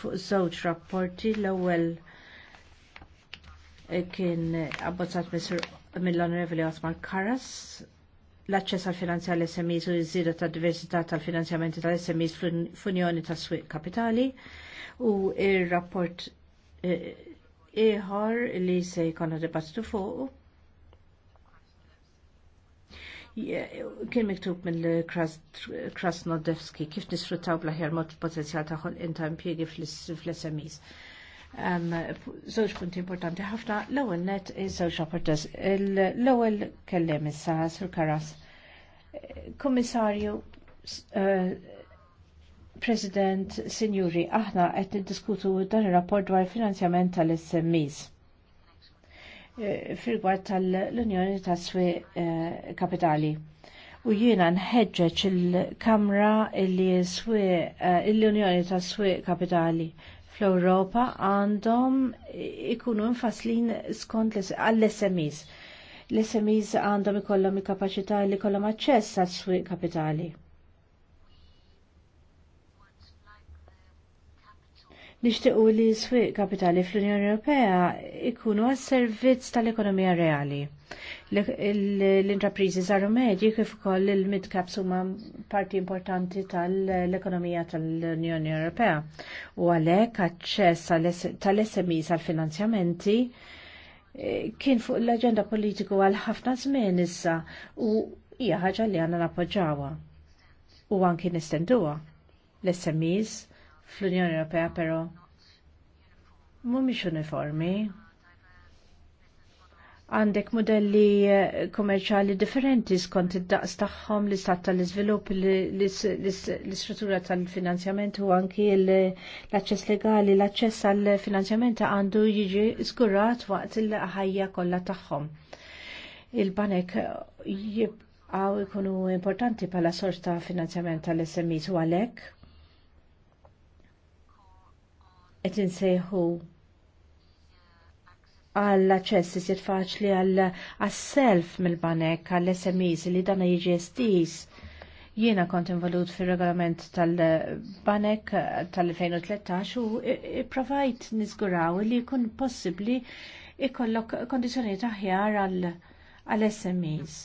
fuq żewġ rapporti l-ewwel eh, kien abbozzat mill-Onorevoli Osman Karas l-aċċess għal finanzja l SMEs u l-żieda ta' diversità tal-finanzjamenti tal SMEs fl-Unjoni ta' Swiq Kapitali u ir-rapport eh, ieħor li se jkollna debattitu fuq kien miktub mill Krasnodevski kif nisfruttaw blaħjar mod potenzjal ta' inta impjiegi fl-SMEs. Zoċ punti importanti ħafna, l ewel net żewġ rapporters. l ewel kellem issa sur Karas. Kommissarju, eh, President, Sinjuri, aħna qed niddiskutu dan ir-rapport dwar finanzjament tal-SMEs Eh, fil tal-Unjoni ta' Swi eh, Kapitali. U jiena nħeġġeġ il-Kamra illi eh, l-Unjoni ta' Swi Kapitali fl-Europa għandhom ikunu nfaslin skont għall-SMEs. L-SMEs għandhom ikollhom il-kapaċità li kollhom aċċess għas-swieq kapitali. nixtiequ li s kapitali fl-Unjoni Ewropea ikunu għas-servizz tal-ekonomija reali. L-intrapriżi żaru medji kif ukoll il-mid caps huma parti importanti tal-ekonomija tal-Unjoni Ewropea u għalhekk aċċess tal-SMEs għall finanzjamenti eh, kien fuq l-aġenda politiku għal ħafna żmien issa u hija ħaġa li għandna nappoġġawha u anki nistenduha l-SMEs fl-Unjoni Ewropea però mhumiex uniformi. Għandek modelli eh, kommerċali differenti skont id-daqs tagħhom, l-istat tal-iżvilupp, l-istruttura tal-finanzjament u anki l-aċċess legali, l-aċċess għall-finanzjament għandu jiġi żgurat waqt il-ħajja kollha tagħhom. Il-banek jibqgħu jkunu importanti bħala sors ta' finanzjament tal smes u għalhekk qed insejħu għall aċċess isir faċli għall-self mill-banek, għall-SMEs li dan jiġi estis. Jiena kont involut fir regolament tal-banek tal-2013 u provajt nizguraw li jkun possibbli ikollok kondizjoni aħjar għall-SMEs.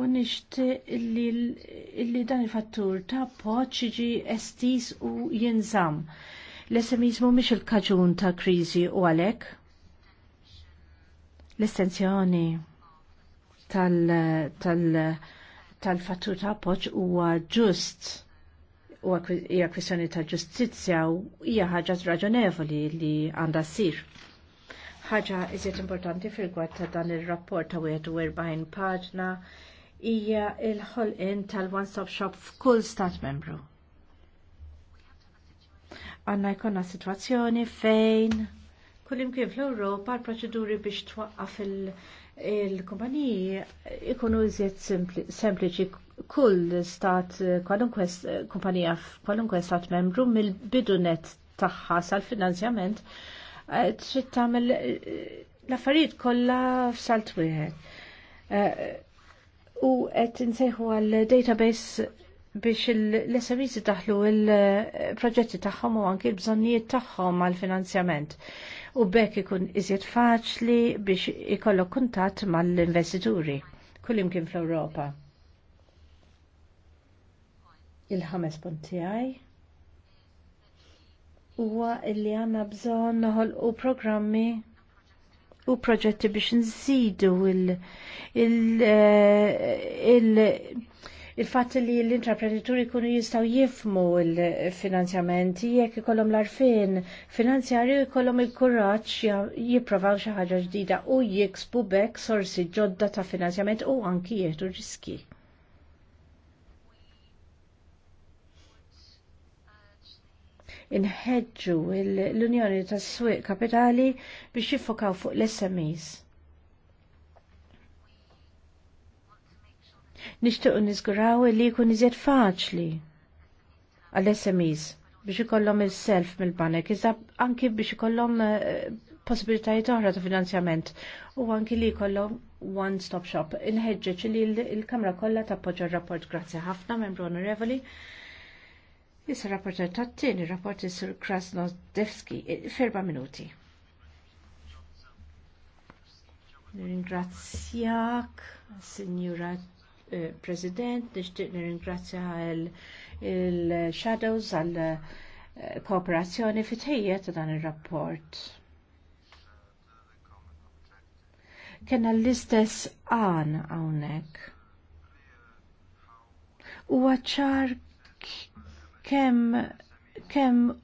U nisht li dan il-fattur ta' poċ ġi estis u jinżam. L-SMEs mhumiex il-kaġun ta' kriżi u għalek? l-estenzjoni tal-fattur tal, tal ta' appoġġ huwa ġust u hija kwistjoni ta' ġustizzja u hija ħaġa raġonevoli li għandha ssir. Ħaġa iżjed importanti fil-gwad ta' dan ir-rapport ta' 41 paġna hija il-ħolqien tal-one-stop shop f'kull stat membru għanna jkonna situazzjoni fejn kullim kien fl-Europa l-proċeduri biex twaqqaf il-kumpaniji ikunu iżjed sempliċi kull stat kwalunkwe kumpanija kwalunkwe stat membru mill-bidunet tagħha sal-finanzjament eh, trid tagħmel eh, l-affarijiet kollha f'salt wieħed. Eh, u qed insejħu għal database biex l-SMEs daħlu il-proġetti tagħhom u anki l-bżonnijiet tagħhom għal finanzjament u bekk ikun iżjed faċli biex ikollok kuntatt mal-investituri kien fl-Ewropa. Il-ħames għaj. tiegħi huwa li għandna bżonn noħolqu programmi u proġetti biex nżidu il-, il, il, il il fat li l-intraprenditori jkunu jistaw jifmu il-finanzjamenti jekk ikollhom l-arfin finanzjarju ikollhom il kurraċ jipprovaw xi ħaġa ġdida u jiksbu bek sorsi ġodda ta' finanzjament u anki jieħdu riski. inħedġu l-Unjoni tas swieq Kapitali biex jiffokaw fuq l-SMEs. nixtiequ niżguraw li jkun iżjed faċli għal smes biex ikollhom il-self mill-banek, iżda anki biex ikollhom eh, possibilitajiet oħra ta' finanzjament u anki li jkollhom one-stop shop. Inħeġġeġ li l-Kamra kollha tappoġġa r-rapport grazzi ħafna membru onorevoli. Issa rapporter tat-tieni rapport is-Sur Krasnodevski eh, ferba minuti. Ringrazzjak, Signora President, nixtieq nirringrazzja il-Shadows għal eh, kooperazzjoni fitħija ta' dan ir-rapport. Kena l-istess għan hawnhekk. U għacċar kem kemm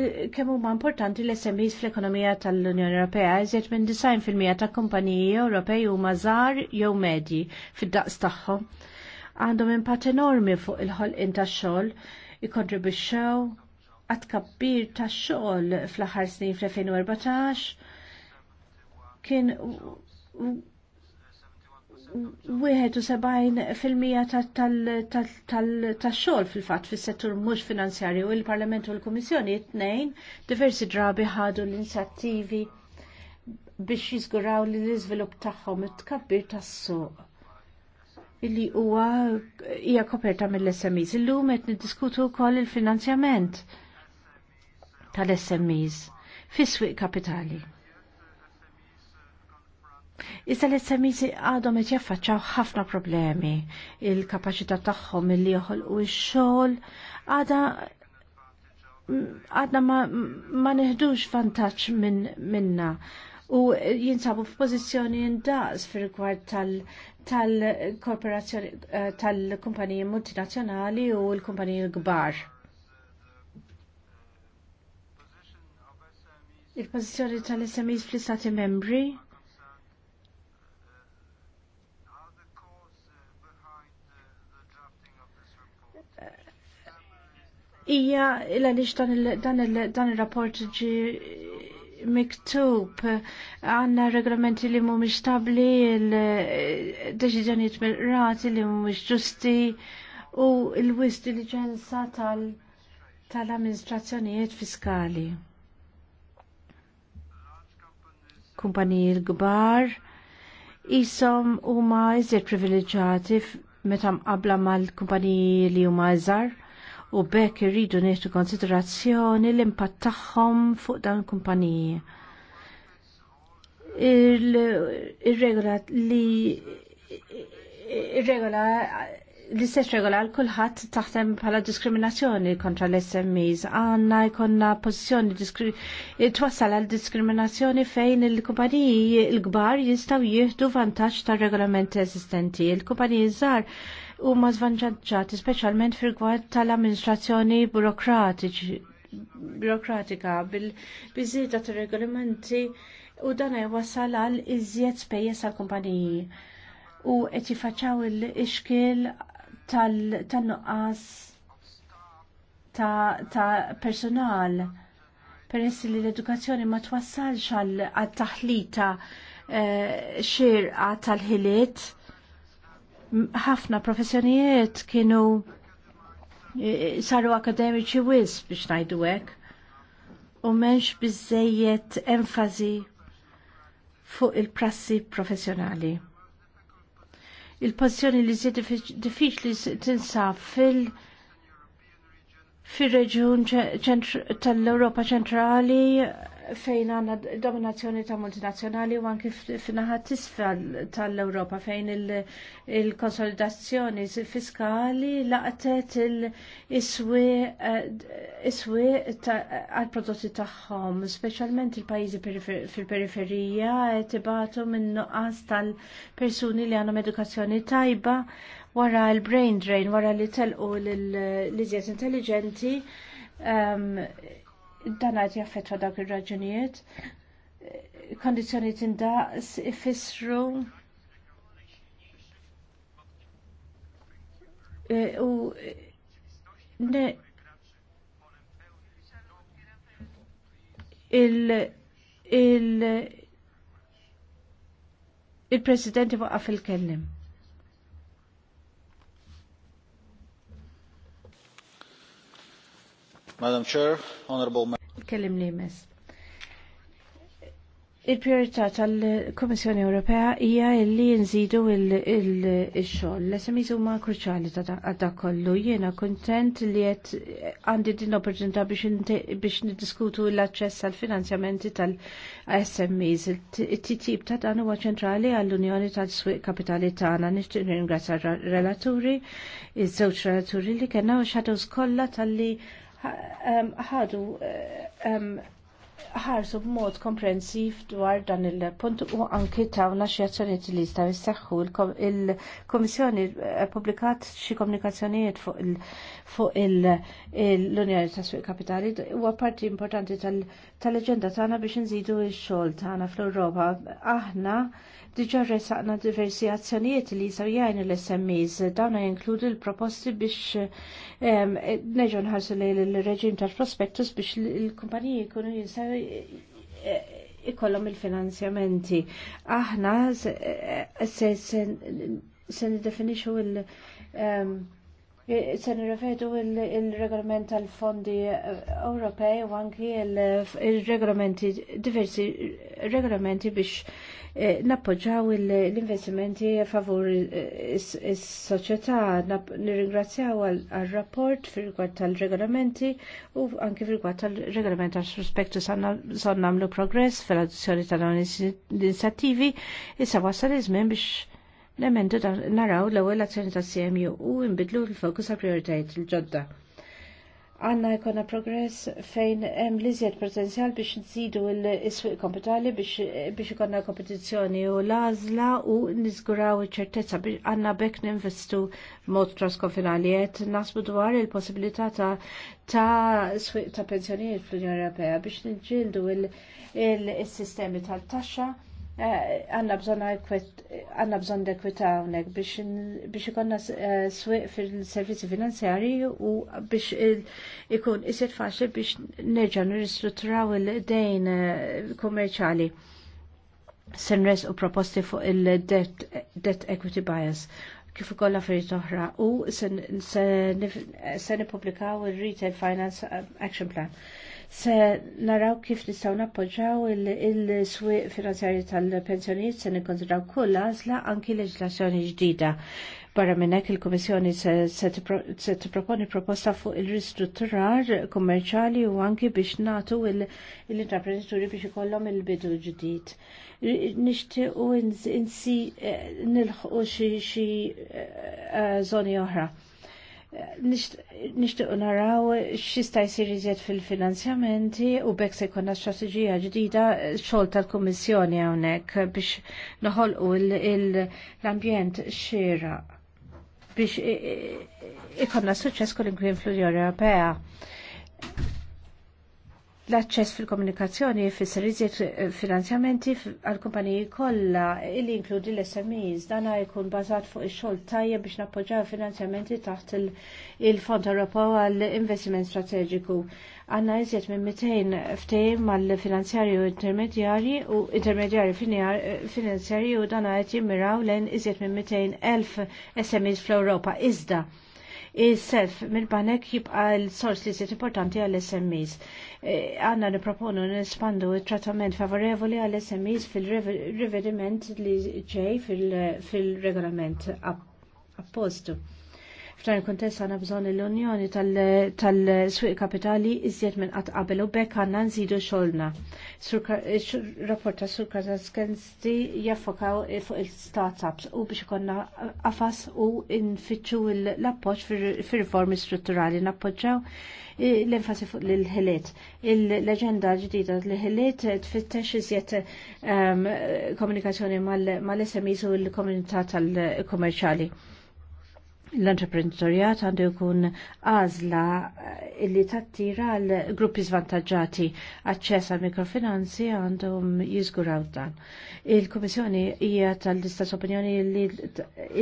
Eh, kemm huma importanti l-SMEs fl-ekonomija tal-Unjoni Ewropea iżjed minn 90% ta' kumpaniji Ewropej huma żgħar jew medji fid-daqs tagħhom. Għandhom impatt enormi fuq il-ħolqien tax-xogħol, ikkontribwixxew għat kabbir tax-xogħol fl-aħħar snin fl-2014 kien 71% tal-xol fil-fat fil-settur mux finanzjarju u il-Parlament u l-Komissjoni it-nejn diversi drabi ħadu l-inizjattivi biex jizguraw li l-izvilup tagħhom it-tkabbir tas-suq illi huwa hija koperta mill-SMEs. Illum qed niddiskutu wkoll il-finanzjament tal-SMEs fis-swieq kapitali Issa l-SMEs għadhom qed jaffaċċaw ħafna problemi. Il-kapaċità tagħhom joħol u x-xogħol għadha għadna ma, ma neħdux vantaġġ min, minna u jinsabu f'pożizzjoni indaqs fir-rigward tal-korporazzjoni tal eh, tal-kumpaniji tal multinazzjonali u l-kumpaniji kbar. Il-pożizzjoni tal-SMEs fl-istati membri hija il lix dan il-rapport ġi miktub għanna regolamenti li mhumiex stabli, il-deċiżjonijiet mirrati li mhumiex ġusti u l-wis diligenza tal-amministrazzjonijiet fiskali. Kumpaniji l-gbar jisom huma iżjed privileġġjati meta mqabla mal-kumpaniji li huma iżar u bekk irridu nieħdu konsiderazzjoni l-impatt tagħhom fuq dan il-kumpaniji. Ir-regola li ir-regola l-istess regola għal kulħadd taħtem bħala diskriminazzjoni kontra l-SMEs. Għanna jkonna pozizjoni twassal għal diskriminazzjoni fejn il-kumpaniji l-kbar jistaw jieħdu vantaġġ tar regolamenti esistenti. Il-kumpaniji żgħar huma zvanġaġġati speċjalment fil-gwad tal-amministrazzjoni burokratika bil-biżida ta' regolamenti u dan wasal għal iżjed spejjeż għal kumpaniji u qed jifaċċaw il ixkil tan-nuqqas ta' personal peress li l-edukazzjoni ma twassalx għal taħlita eh, xirqa tal-ħiliet ħafna professjonijiet kienu e, e, saru akademiċi wis biex najdu hekk. U menx biżejjed enfazi fuq il-prassi professjonali. Il-pozizjoni li zjed diffiċli tinsab fil- fil-reġjun tal-Europa ċentrali fejn għanna dominazzjoni ta' multinazzjonali u anki f'naħat tisfa tal-Europa fejn il-konsolidazzjoni fiskali laqtet il-iswi eh, għal-prodotti tagħhom, specialment il-pajizi fil-periferija tibatu minn nuqqas tal-persuni li għandhom edukazzjoni tajba wara l-brain drain, wara li telqu l-iżjed intelligenti ehm, dan għad jaffetwa dak il-raġunijiet. Kondizjoni tindaqs ifissru e, u ne il il il-president waqaf il-kellim. Madam Chair, Honorable kellim li jmiss. Il-priorità tal-Komissjoni Ewropea hija li nżidu il-xogħol. l smis huma kruċjali ta' dak kollu. Jiena kuntent li qed għandi din opportunità biex niddiskutu l-aċċess għal finanzjamenti tal smis It-titjib ta' dan huwa ċentrali għall-Unjoni tal-Swieq Kapitali tagħna. Nixtieq ringrazzja relaturi, iż-żewġ relaturi li kellna u xadows kollha tal-li Um, ħadu um, ħarsu b'mod komprensiv dwar dan il-punt u anki ta' xi azzjonijiet li jistaw jistaxħu il-Komissjoni eh, publikat xi komunikazzjonijiet fuq l-Unjoni ta' Suq Kapitali huwa parti importanti tal leġenda tagħna biex inżidu x-xogħol tagħna fl-Ewropa. Aħna Diġa resaqna diversi azzjonijiet li jisaw jgħajnu l-SMEs, dawna jinkludu l-proposti biex ehm, neġu nħarsu li l-reġim tal-prospektus biex l-kumpaniji kunu jisaw e, e, ikollom il-finanzjamenti. Aħna se, e, se, se, definixu il- ehm, Se nirrevedu il-regolament tal-fondi eh, Ewropej u anki il-regolamenti diversi regolamenti biex eh, nappoġġaw l-investimenti favur is-soċjetà. Nirringrazzjaw għal-rapport fil-rigward tal-regolamenti u anki fil-rigward tal-regolament għal-suspektu son namlu progress fil adduzzjoni tal-inizjattivi. Issa wasal iż-żmien biex l-emendi naraw l-ewwel azzjoni ta' CMU u nbidlu l-fokus għal prioritajiet il-ġodda. Għanna jkonna progress fejn hemm liżjed potenzjal biex nżidu l-iswiq kompetali biex ikonna kompetizzjoni u l-għażla u niżguraw iċ-ċertezza biex għandna bekk ninvestu mod trasconfinali qed nasbu dwar il-possibilità ta' ta' swiq ta' pensjonijiet fl-Unjoni Ewropea biex niġġieldu il-sistemi tal-taxxa għanna bżon dekwita għonek biex ikonna eh, swiq fil-servizzi finanzjari u biex ikun isir faċli biex neġan ristrutturaw il-dejn eh, kommerċali. Senres u proposti fuq il-debt equity bias kif ukoll affarijiet oħra u se nippubblikaw il retail Finance eh, Action Plan Se naraw kif nistgħu nappoġġaw il-swieq finanzjarji tal-pensjonijiet se nikkonsidraw kull għażla anki leġislazzjoni ġdida. Barra minn hekk il-Kummissjoni se t-proponi proposta fuq il-ristrutturar kommerċali u anki biex nagħtu l-intraprenditori biex ikollhom il-bidu ġdid. Nixtiequ eh, nilħqu xi żoni eh, eh, oħra nishtuq naraw xista jisir iżjed fil-finanzjamenti u bekk se jkollna strateġija ġdida xogħol tal-Kummissjoni hawnhekk biex noħolqu l-ambjent xira biex ikonna suċċess kull inklużjoni Ewropea l-aċċess fil-komunikazzjoni fisser iżjed finanzjamenti għal kumpaniji kollha illi inkludi l-SMEs dan jkun bazat fuq ix-xogħol tajjeb biex nappoġġaw finanzjamenti taħt il-Fond Ewropew għall investiment strateġiku. Għandna iżjed minn 200 ftehim għall finanzjarju intermedjarji u intermedjarji finanzjarji u dan qed jimmiraw lejn iżjed minn 200 elf SMEs fl-Ewropa iżda is-self mill-banek jibqa' l-sors li jisir importanti għall-SMEs għanna niproponu nispandu il-trattament favorevoli għal SMEs fil-rivediment li ġej fil-regolament appostu. F'dan il-kontest għanna bżon l-Unjoni tal-Swiq Kapitali iżjed minn qatt qabel u bekk għanna nżidu xolna. Rapport ta' Sur Kazaskensti jaffokaw fuq il-startups u biex ikonna qafas u nfittxu l-appoġġ fir-riformi strutturali nappoġġaw Eh, l-enfasi fuq l-ħiliet. L-leġenda ġdida l-ħiliet tfittex iżjed ehm, komunikazzjoni mal-SMIs u l-komunità tal kummerċali l entreprenitorjat għandu jkun għazla eh, illi tattira l gruppi zvantagġati għacċess għal mikrofinanzi għandhom jizguraw dan. Il-Komissjoni hija tal-istess opinjoni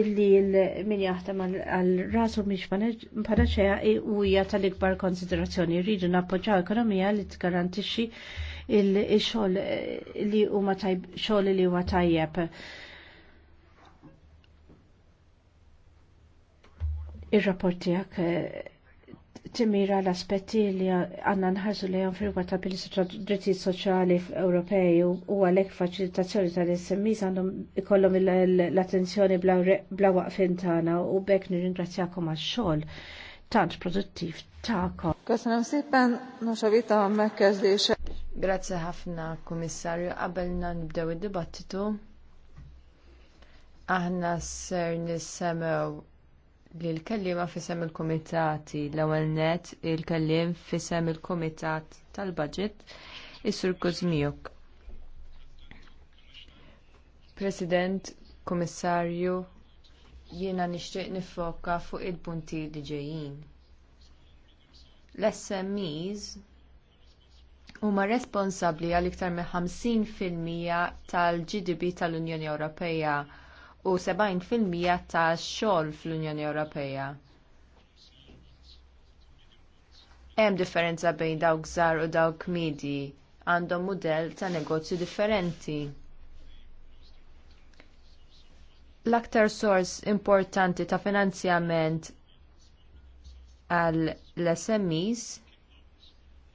illi min jaħdem għal rasu miex panaċeja u hija tal-ikbar konsiderazzjoni rridu nappoġġaw ekonomija li tgarantixxi il-xogħol eh, li huma xogħol li huwa tajjeb. il rapporti tijak eh, timira l-aspetti li għanna nħarsu li għan firwa ta' bil-dritti soċali Ewropej u għalek faċilitazzjoni tal-SMIs għandhom ikollhom l-attenzjoni bla waqfin tagħna u bekk nirringrazzjakom għax-xogħol tant produttiv ta'kom. Köszönöm szépen, nos a vita Grazie ħafna, komissarju. Qabelna nibdew id-dibattitu. Aħna ser nissemew li l-kellima fisem il-komitati l ewwel net il-kellim fisem il-komitat tal-budget is-sur Kuzmijuk. President, Komissarju, jiena nixtieq nifoka fuq il-punti li ġejjin. L-SMEs huma responsabbli għal iktar minn 50% tal-GDP tal-Unjoni Ewropea u 70% ta' xogħol fl-Unjoni Ewropea. Hemm differenza bejn dawk żgħar u dawk midi għandhom mudell ta' negozju differenti. L-aktar sors importanti ta' finanzjament għall smes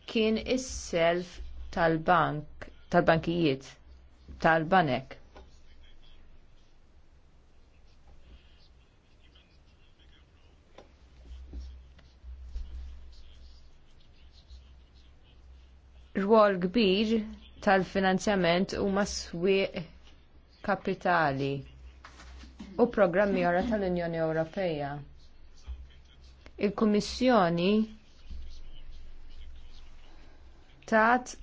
kien is-self tal-bank, tal-bankijiet, tal-banek. rwol kbir tal-finanzjament huma swieq kapitali u programmi ora tal-Unjoni Ewropea. Il-Kummissjoni tat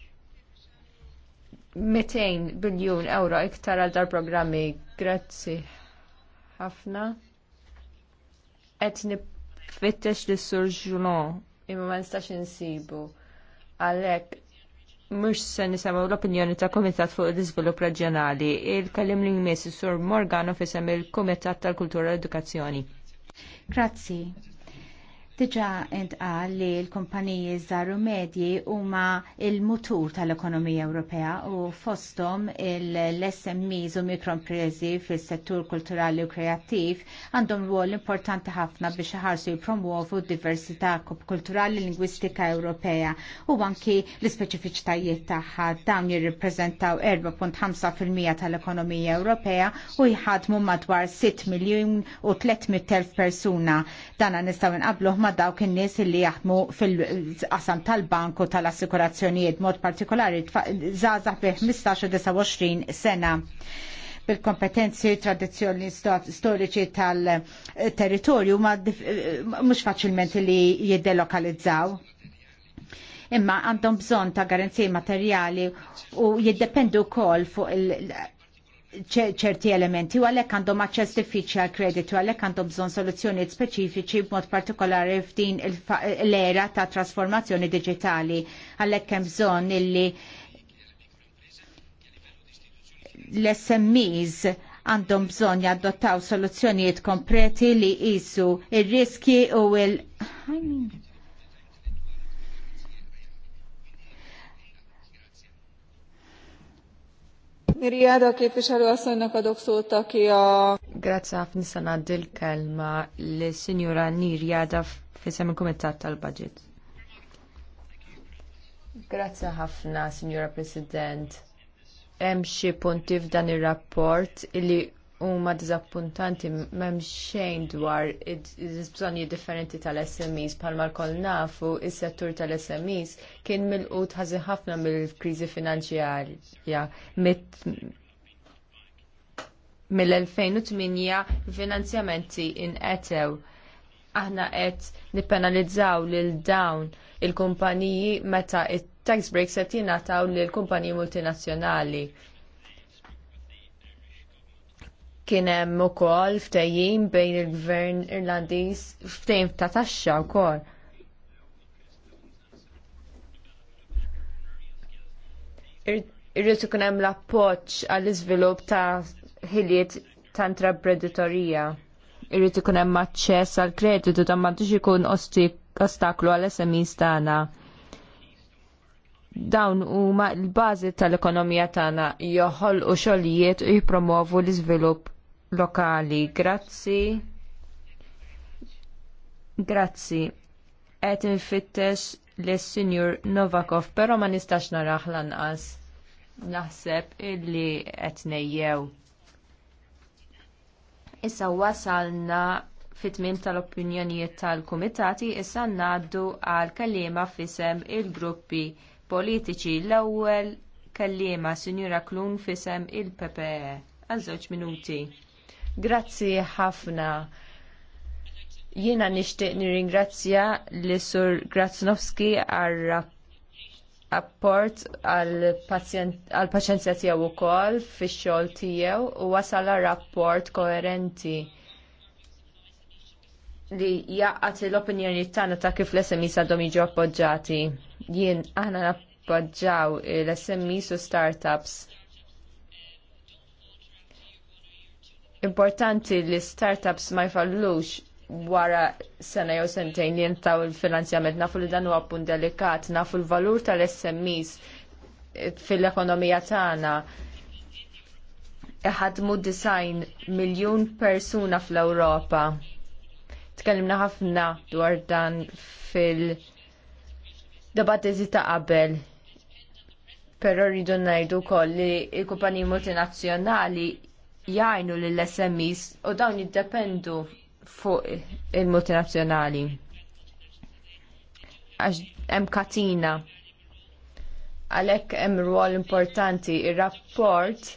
200 biljun euro iktar għal dar programmi. Grazzi ħafna. Et nifittex li sur ġunon imma ma nistax insibu għalhekk mux se nisemaw l-opinjoni ta' Komitat fuq l-Izvilupp Reġjonali, il-kallim li jmiss Sur Morgano fisem il-Komitat tal-Kultura u Edukazzjoni. Grazzi. Diġa intqa li l-kumpaniji Zaru medji huma il-mutur tal-ekonomija Ewropea u fostom l-SMEs u mikroimprezi fis-settur kulturali u kreattiv għandhom rwol importanti ħafna biex iħarsu jipromuovu d-diversità kulturali lingwistika Ewropea u anki l ispeċifiċitajiet tagħha dawn jirrippreżentaw 4.5% tal-ekonomija Ewropea u jħadmu madwar 6 miljun u 300 persuna. Dana nistgħu nqabluh ma' dawk in-nies li jaħdmu fil-qasam tal-banku tal-assikurazzjonijiet mod partikolari żgħażagħ bih 15-29 sena bil-kompetenzi tradizzjoni storiċi tal-territorju ma mhux faċilment li jiddelokalizzaw imma għandhom bżon ta' garanziji materjali u jiddependu kol fuq il ċerti elementi u għalek għandhom aċċess diffiċli għal u għalek għandhom bżon soluzzjonijiet speċifiċi b'mod partikolari f'din l-era ta' trasformazzjoni digitali għalek hemm bżon illi l-SMEs għandhom bżon jaddottaw soluzzjonijiet kompreti li jisu il riski u il- Mirjada kif ixħalu għasannak għadok suta kija. Grazie għaf nisan dil kelma li sinjura Nirjada fissem il-komitat tal-budget. Grazzi ħafna, Signora President. Hemm xi punti f'dan ir-rapport illi huma diżappuntanti m'hemm xejn dwar il-bżonji differenti tal-SMEs bħalma l nafu il settur tal-SMEs kien mil-qut ħażin ħafna mill-kriżi finanċjarja mill-2008 finanzjamenti inqetew aħna qed nippenalizzaw lil dawn il-kumpaniji meta it-tax breaks qed jingħataw lil kumpaniji multinazzjonali. Kien hemm ukoll ftehim bejn il-Gvern Irlandiż ftehim ta' taxxa wkoll. Irrid ikun hemm l-appoġġ għall-iżvilupp ta' ħiliet ta' intraprenditorija. Irrid ikun hemm aċċess għall kreditu ta' m'għandux ikun ostaklu għall SMEs tagħna dawn huma l-bażi tal-ekonomija tagħna joħolqu xogħlijiet u jippromovu l-iżvilupp lokali. Grazzi. Grazzi. Qed infittex lis-Sinjur Novakov, però ma nistax naraħ lanqas. Naħseb illi qed nejjew. Issa wasalna fit-tmim tal-opinjonijiet tal-kumitati issa ngħaddu għal kelliema fisem il-gruppi politiċi l-ewwel kelliema Sinjura Klun fisem il-PPE għal żewġ minuti. Grazzi ħafna. Jiena nixtieq nirringrazzja li sur Graznowski għar apport għall paċenzja tiegħu wkoll fix-xogħol tiegħu u wasal rapport koerenti li jaqat l-opinjoni tagħna ta' kif l-SMIs għadhom jiġu appoġġjati. Jien aħna nappoġġjaw l smi su startups Importanti li startups ma jfallux wara sena jew sentejn li jintaw il-finanzjament nafu li dan huwa punt delikat, nafu l-valur tal-SMEs fil-ekonomija tagħna iħadmu design miljun persuna fl-Ewropa. Tkellimna ħafna dwar dan fil-debattiti ta' qabel. Però rridu ngħidu wkoll li l-kumpaniji multinazzjonali Jajnu lill-SMEs u dawn jiddependu fuq il-multinazzjonali. Għax hemm katina. Għalhekk hemm rwol importanti ir-rapport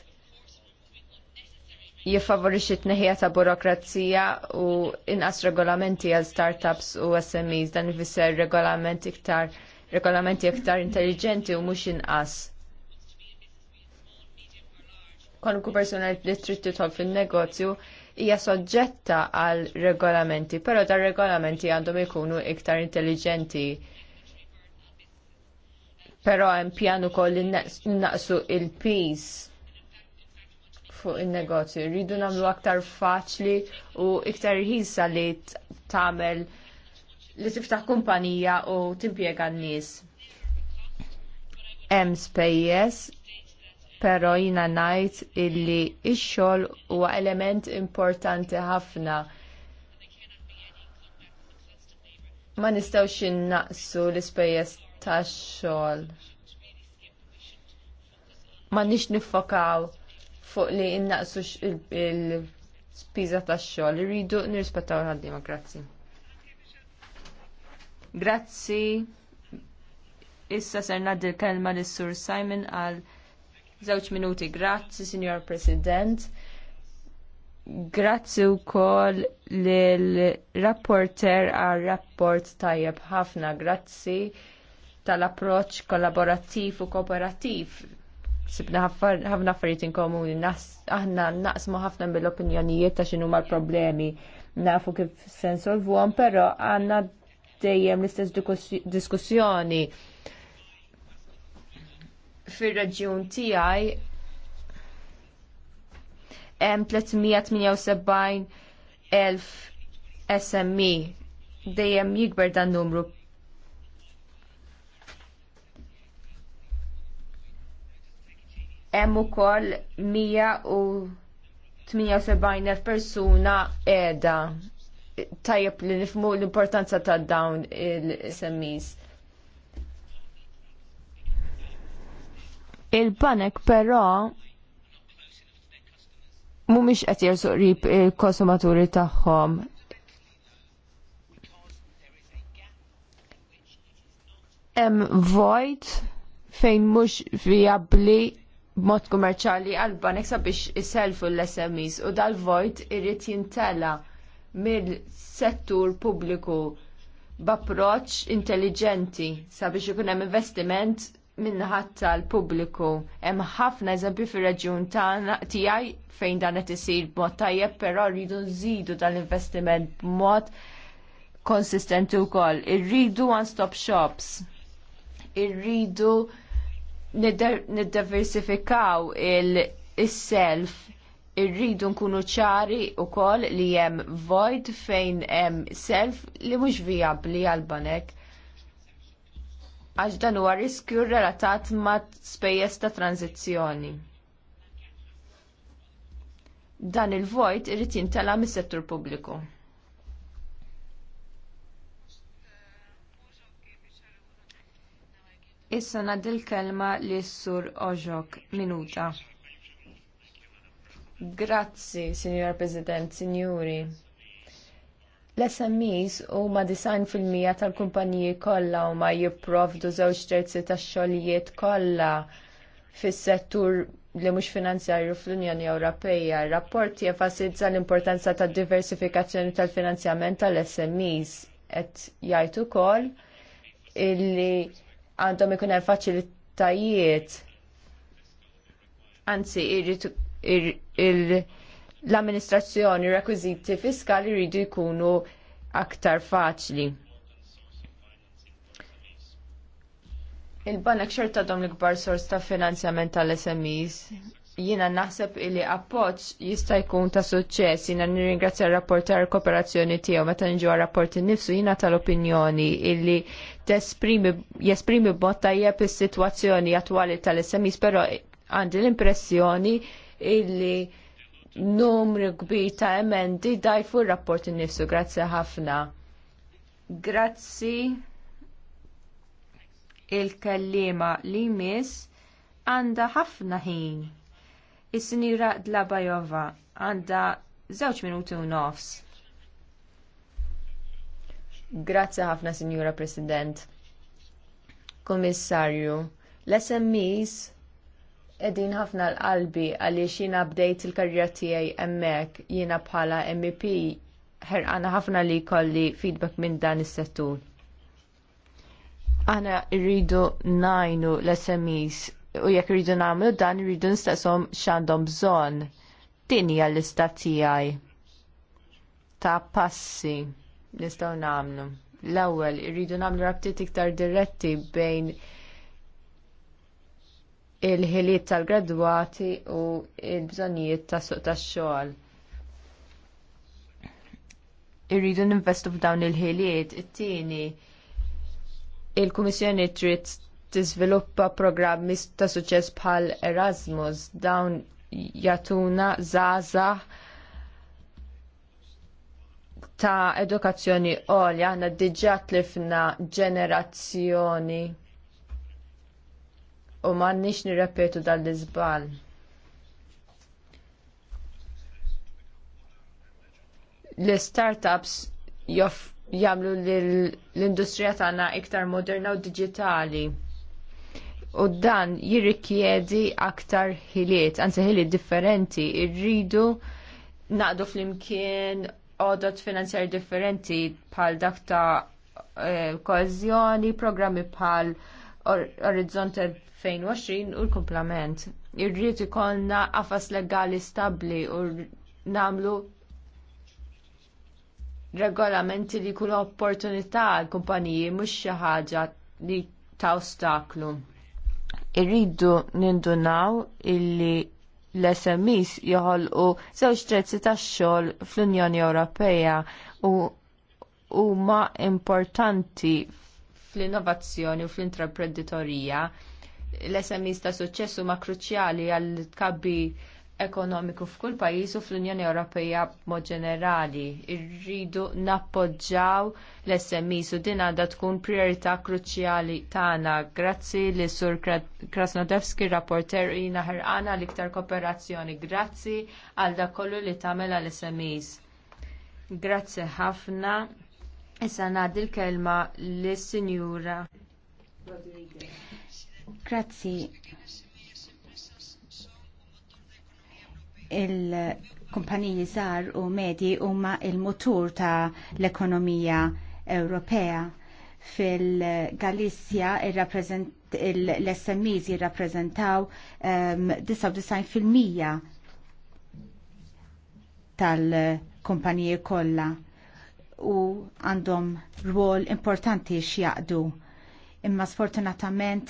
jiffavorixxi t-neħija ta' burokrazija u inqas regolamenti għal startups u SMEs dan ifisser regolamenti iktar regolamenti iktar intelligenti u mhux inqas konku persuna li trid tħol fin-negozju hija soġġetta għal regolamenti, però dar regolamenti għandhom ikunu iktar intelligenti. Però hemm pjan ukoll innaqsu il-peace fuq il-negozju. Rridu namlu aktar faċli u iktar ħisa li tagħmel li tiftaħ kumpanija u timpiega n-nies. Hemm spejjeż pero jina najt illi x xogħol huwa element importanti ħafna. Ma nistgħux innaqsu l-ispejjeż tax-xogħol. Ma nix niffokaw fuq li innaqsu il-spiża tax-xogħol, Iridu nirrispettaw ħaddiema, grazzi. Grazzi. Issa serna naddi kelma lis sur Simon għal Żewġ minuti, grazzi, Signor President. Grazzi u koll l-rapporter għal rapport tajjeb ħafna, grazzi tal-approċ kollaborattiv u kooperattiv. Sibna ħafna affarijiet inkomuni, aħna naqsmu ħafna mill-opinjonijiet ta' xinu l problemi nafu kif sensolvu għom, pero għanna dejjem l-istess diskussjoni fir-reġjun tiegħi hemm 378 elf SME dejjem jikber dan numru. Hemm ukoll 178,000 persuna qiegħda tajjeb li nifhmu l-importanza ta' dawn il-SMEs. Il-banek però mhumiex qed jersuq rib il-konsumaturi tagħhom. Hemm void fejn mhux vijabbli b'mod kummerċjali għal banek sabiex iselfu l-SMEs u dal-void irrid jintela mill-settur pubbliku b'approċċ intelligenti sabiex ikun hemm investiment minnaħat tal-pubbliku. Hemm ħafna eżempju fir-reġjun tiegħi fejn dan qed isir b'mod tajjeb, però rridu nżidu dal-investiment b'mod konsistenti wkoll. Irridu one-stop shops. Irridu niddiversifikaw il-self irridu nkunu ċari wkoll li hemm void fejn hemm self li mhux vijabbli għal banek għax dan huwa riskju relatat ma' spejjeż ta' tranzizzjoni. Dan il-vojt irid jintela mis-settur pubbliku. Issa ngħaddi l kelma li sur oġok minuta. Grazzi, Signor President, Signori. L-SMEs huma design fil-mija tal-kumpaniji kollha huma jipprovdu żewġ terzi tax-xogħlijiet kollha fis-settur li mhux finanzjarju fl-Unjoni Ewropea. Rapport jefasizza l-importanza tad diversifikazzjoni tal-finanzjament tal-SMEs qed jgħid ukoll illi għandhom ikun hemm faċilitajiet anzi irrid il l-amministrazzjoni rekwiziti fiskali rridu jkunu aktar faċli. Il-banek xorta dom l-gbar sors ta' finanzjament tal-SMEs. Jiena naħseb illi appoċ jista' jkun ta' suċċess. Jiena nirringrazzja r-rapportar kooperazzjoni tiegħu meta nġu rapporti nifsu jiena tal-opinjoni illi jesprimi b'mod tajjeb is-sitwazzjoni attwali tal-SMEs, però għandi l-impressjoni illi numru kbir ta' emendi dajfu r-rapport innifsu. Grazzi ħafna. Grazzi il-kellima li mis għanda ħafna ħin. Is-sinira Dlabajova għanda żewġ minuti u nofs. Grazzi ħafna, Sinjura President. Komissarju, l-SMEs edin ħafna l-qalbi għaliex jiena bdejt il-karriera tiegħi hemmhekk jiena bħala MEP ħerqana ħafna li jkolli feedback minn dan is-settur. Aħna rridu najnu l-SMEs u jekk rridu nagħmlu dan irridu nistaqshom x'għandhom bżonn. Din hija l-istat tiegħi ta' passi nistgħu nagħmlu. L-ewwel irridu nagħmlu rabtiet iktar diretti bejn il-ħiliet tal-gradwati u il-bżonijiet tas suq tax-xogħol. Irridu ninvestu f'dawn il-ħiliet. It-tieni il-Kummissjoni trid tiżviluppa programmi ta' suċċess bħal Erasmus dawn jatuna zaza ta' edukazzjoni għolja għandna diġà tlifna ġenerazzjoni u m'għandniex nirrepetu dan l-iżbal. L-startups jagħmlu l-industrija tagħna iktar moderna u digitali. U dan jirrikjedi aktar ħiliet, anzi ħiliet differenti, irridu naqdu flimkien għodot finanzjari differenti bħal dak ta' eh, koezjoni, programmi bħal Orizzonte 2020 u l-komplement. Irrid ikollna qafas legali stabbli u nagħmlu regolamenti li jkunu opportunità għall kumpaniji mhux xi ħaġa li ta' ostaklu. Irridu nindunaw illi l-SMEs joħolqu żewġ trezzi tax-xogħol fl-Unjoni Ewropea u huma importanti fl-innovazzjoni u fl-intraprenditorija l-SMEs ta' suċċessu ma' kruċjali għal tkabbi ekonomiku f'kull pajjiż u fl-Unjoni Ewropea b'mod ġenerali. Irridu nappoġġaw l-SMEs u din għandha tkun priorità kruċjali tagħna. Grazzi li sur Krasnodewski rapporter jina ħerqana l-iktar kooperazzjoni. Grazzi għal dak kollu li tagħmel għall smes Grazzi ħafna. Issa ngħaddi l-kelma lis sinjura Rodriguez. Grazzi. Il-kumpaniji żgħar u medji huma il-motur ta' l-ekonomija Ewropea. Fil-Galizja l-SMEs jirrappreżentaw um, ehm, 99% tal-kumpaniji kollha u għandhom rwol importanti x'jaqdu. Imma sfortunatament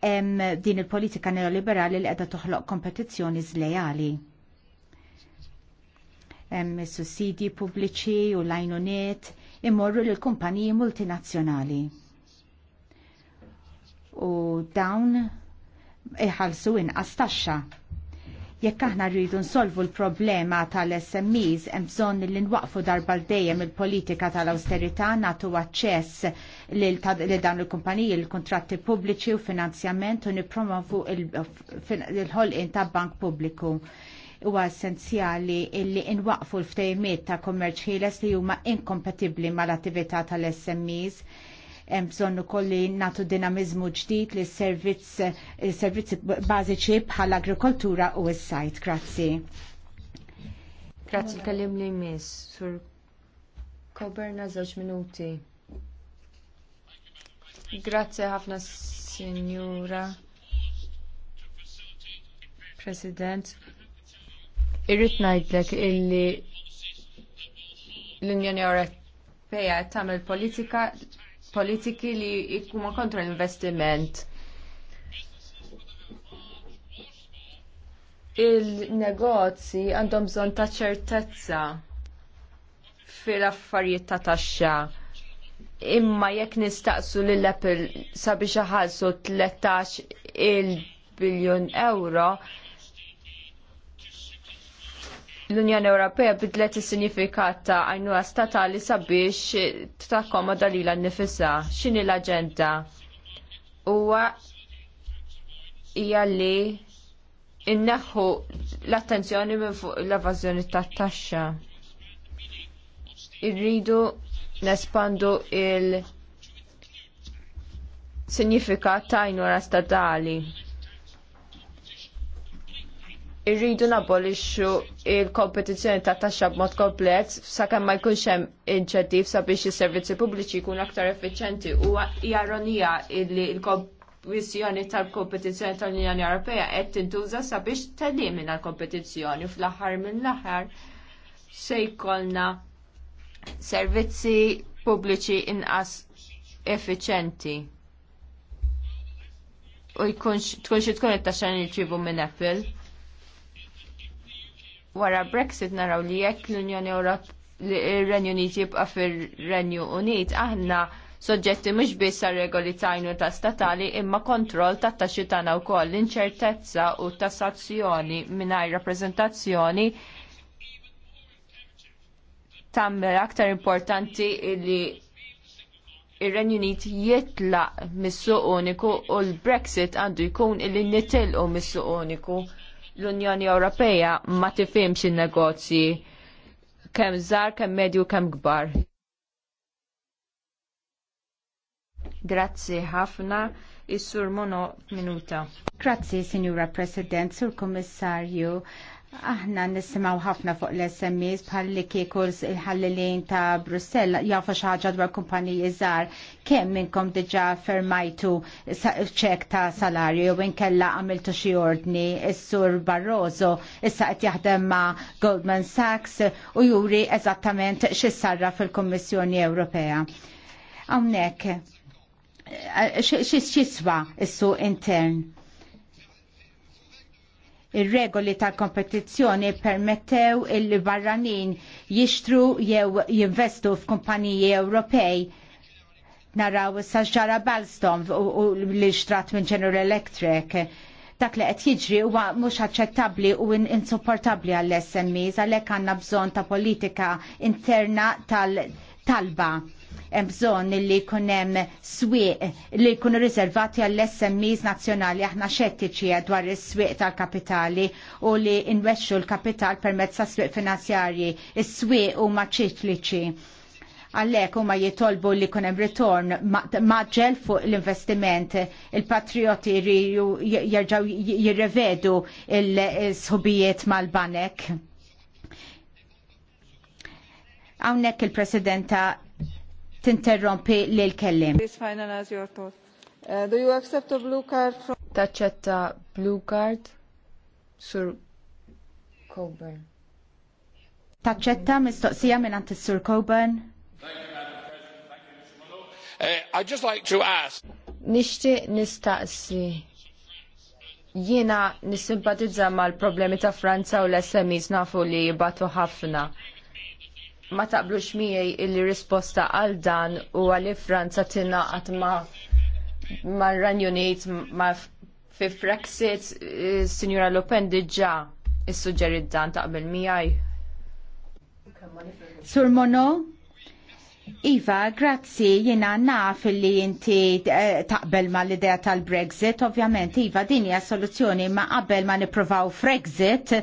hemm din il-politika neoliberali li qiegħda toħloq kompetizzjoni żlejali. Hemm sussidji pubbliċi u lajnuniet imorru lil kumpaniji multinazzjonali. U dawn iħallsu inqas taxxa Jekk aħna rridu nsolvu l-problema tal-SMEs, hemm bżonn li nwaqfu darba dejjem il-politika tal-austerità nagħtu aċċess lil dawn il-kumpaniji l-kontratti pubbliċi u finanzjament u nippromovu il-ħolqien ta' bank pubbliku. Huwa essenzjali li nwaqfu l-ftejmiet ta' kummerċ ħieles li huma inkompatibbli mal-attività tal-SMEs hemm bżonn ukoll li nagħtu dinamiżmu ġdid li s eh, servizzi bażiċi bħal agrikoltura u s-sajt. Grazzi. Grazzi kellim li miss sur Koberna żewġ minuti. Grazzi ħafna Sinjura President. Irrit ngħidlek illi l-Unjoni Ewropea tagħmel politika politiki li jkunu kontra l-investiment. Il-negozji għandhom bżonn ta' ċertezza fil-affarijiet ta' taxxa. Imma jekk nistaqsu lil Apple sabiex ħalsu 13 il-biljon euro, l-Unjoni Ewropea bidlet is-sinifikat ta' għajnuna statali sabiex takkomoda lilha nnifisha. X'inhi l-aġenda? Huwa hija li inneħħu l-attenzjoni minn fuq l-evażjoni tat-taxxa. Irridu nespandu il-sinifikat ta' għajnuna statali irridu nabolixxu il-kompetizzjoni ta' taxxa b'mod komplett sakemm ma jkunx hemm inċentiv sabiex is-servizzi pubbliċi jkunu aktar effiċjenti u hija ironija li l-Kommissjoni tal-Kompetizzjoni tal-Unjoni Ewropea qed tintuża sabiex tellimina l-kompetizzjoni fl-aħħar mill-aħħar se jkollna servizzi pubbliċi inqas effiċjenti u jkunx tkunx tkun it-taxxa nirċievu minn Apple wara Brexit naraw li jekk l-Unjoni Ewropea il-Renju Unit jibqa fil-Renju Unit, aħna soġġetti mhux biss regoli tajnu ta' statali imma kontroll ta' taxxi tagħna wkoll l-inċertezza u tassazzjoni mingħajr rappreżentazzjoni tagħmel aktar importanti li ir-Renju Unit jitlaq mis-suq uniku u l-Brexit għandu jkun illi nitilqu mis-suq uniku l-Unjoni Ewropea ma tifhimx in-negozji kemm żgħar, kemm medju, kemm kbar. Grazzi ħafna. Is-Sur Mono minuta. Grazzi, Sinjura President, Sur Kommissarju Aħna nisimaw ħafna fuq l-SMS bħalli kikurs il-ħallilin ta' Brussell jafu xaġa dwar kumpaniji żgħar kemm minnkom diġà fermajtu ċek ta' salarju minn kella għamiltu xi ordni il sur Barroso issa qed jaħdem ma' Goldman Sachs u juri eżattament xi sarra fil-Kummissjoni Ewropea. Hawnhekk xiswa il suq intern Ir-regoli tal-kompetizzjoni permettew il-barranin jixtru jew jinvestu f'kumpaniji Ewropej naraw saġġara ġara Balstom u li xtrat minn General Electric. Dak li qed jiġri huwa mhux aċċettabbli u insupportabbli għall-SMEs għalhekk għandna bżonn ta' politika interna tal-talba. tal talba hemm bżonn li jkun hemm swieq li jkunu riservati għall smis nazzjonali aħna xettiċi dwar is-swieq tal-kapitali u li nwexxu l-kapital permezz ta' swieq finanzjarji, is-swieq huma ċikliċi għallek u ma jitolbu li kunem ritorn maġġel fuq l-investiment il-patrioti jirġaw jirrevedu il-sħubijiet mal-banek. Għawnek il-presidenta tinterrompi lil kellim. Uh, do you accept a blue card from... Taċċetta blue card sur Coburn. Taċċetta mistoqsija minn għant sur Coburn. Uh, I'd just like to ask. Nishti nistaqsi. Jiena nisimpatizza mal problemi ta' Franza u l-SMIs nafu li jibatu ħafna ma taqblux miej illi risposta għal dan u għalli Franza tinaqat ma ma ranjoniet ma fi Brexit eh, Signora Lopen diġa il-sugġerit dan taqbel miegħi. Sur Mono, Iva, grazzi, jena naf li inti eh, taqbel ma l-idea tal-Brexit, ovvjament, Iva, din hija soluzzjoni ma qabel ma niprovaw Frexit,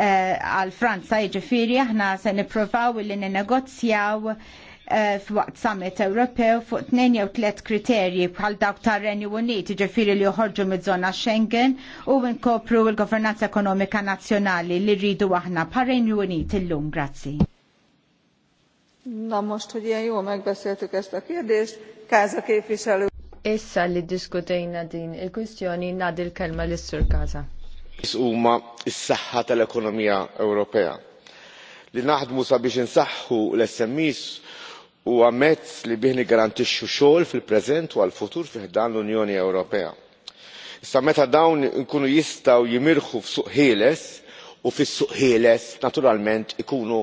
Eh, għal Franza jiġifieri aħna se niprofaw li ninegozjaw eh, f'waqt summit Ewropew fuq tnejn jew tliet kriterji bħal dawk tar-Renju Unit, ġifieri li joħorġu miż-żona Schengen u nkopru l-governanza ekonomika nazzjonali li rridu aħna bħal Renju Unit illum. Grazzi. Na most, hogy ilyen jól megbeszéltük ezt a kérdést, Káza képviselő. Issa li diskutejna din il-kwistjoni nadi l-kelma l-Sur Káza huma s-saħħa tal-ekonomija Ewropea. Li naħdmu sabiex insaħħu l-SMEs u mezz li bih nigarantixxu xogħol fil-preżent u għal futur fih dan l-Unjoni Ewropea. Issa meta dawn nkunu jistgħu jimirħu f'suq ħieles u fis-suq ħieles naturalment ikunu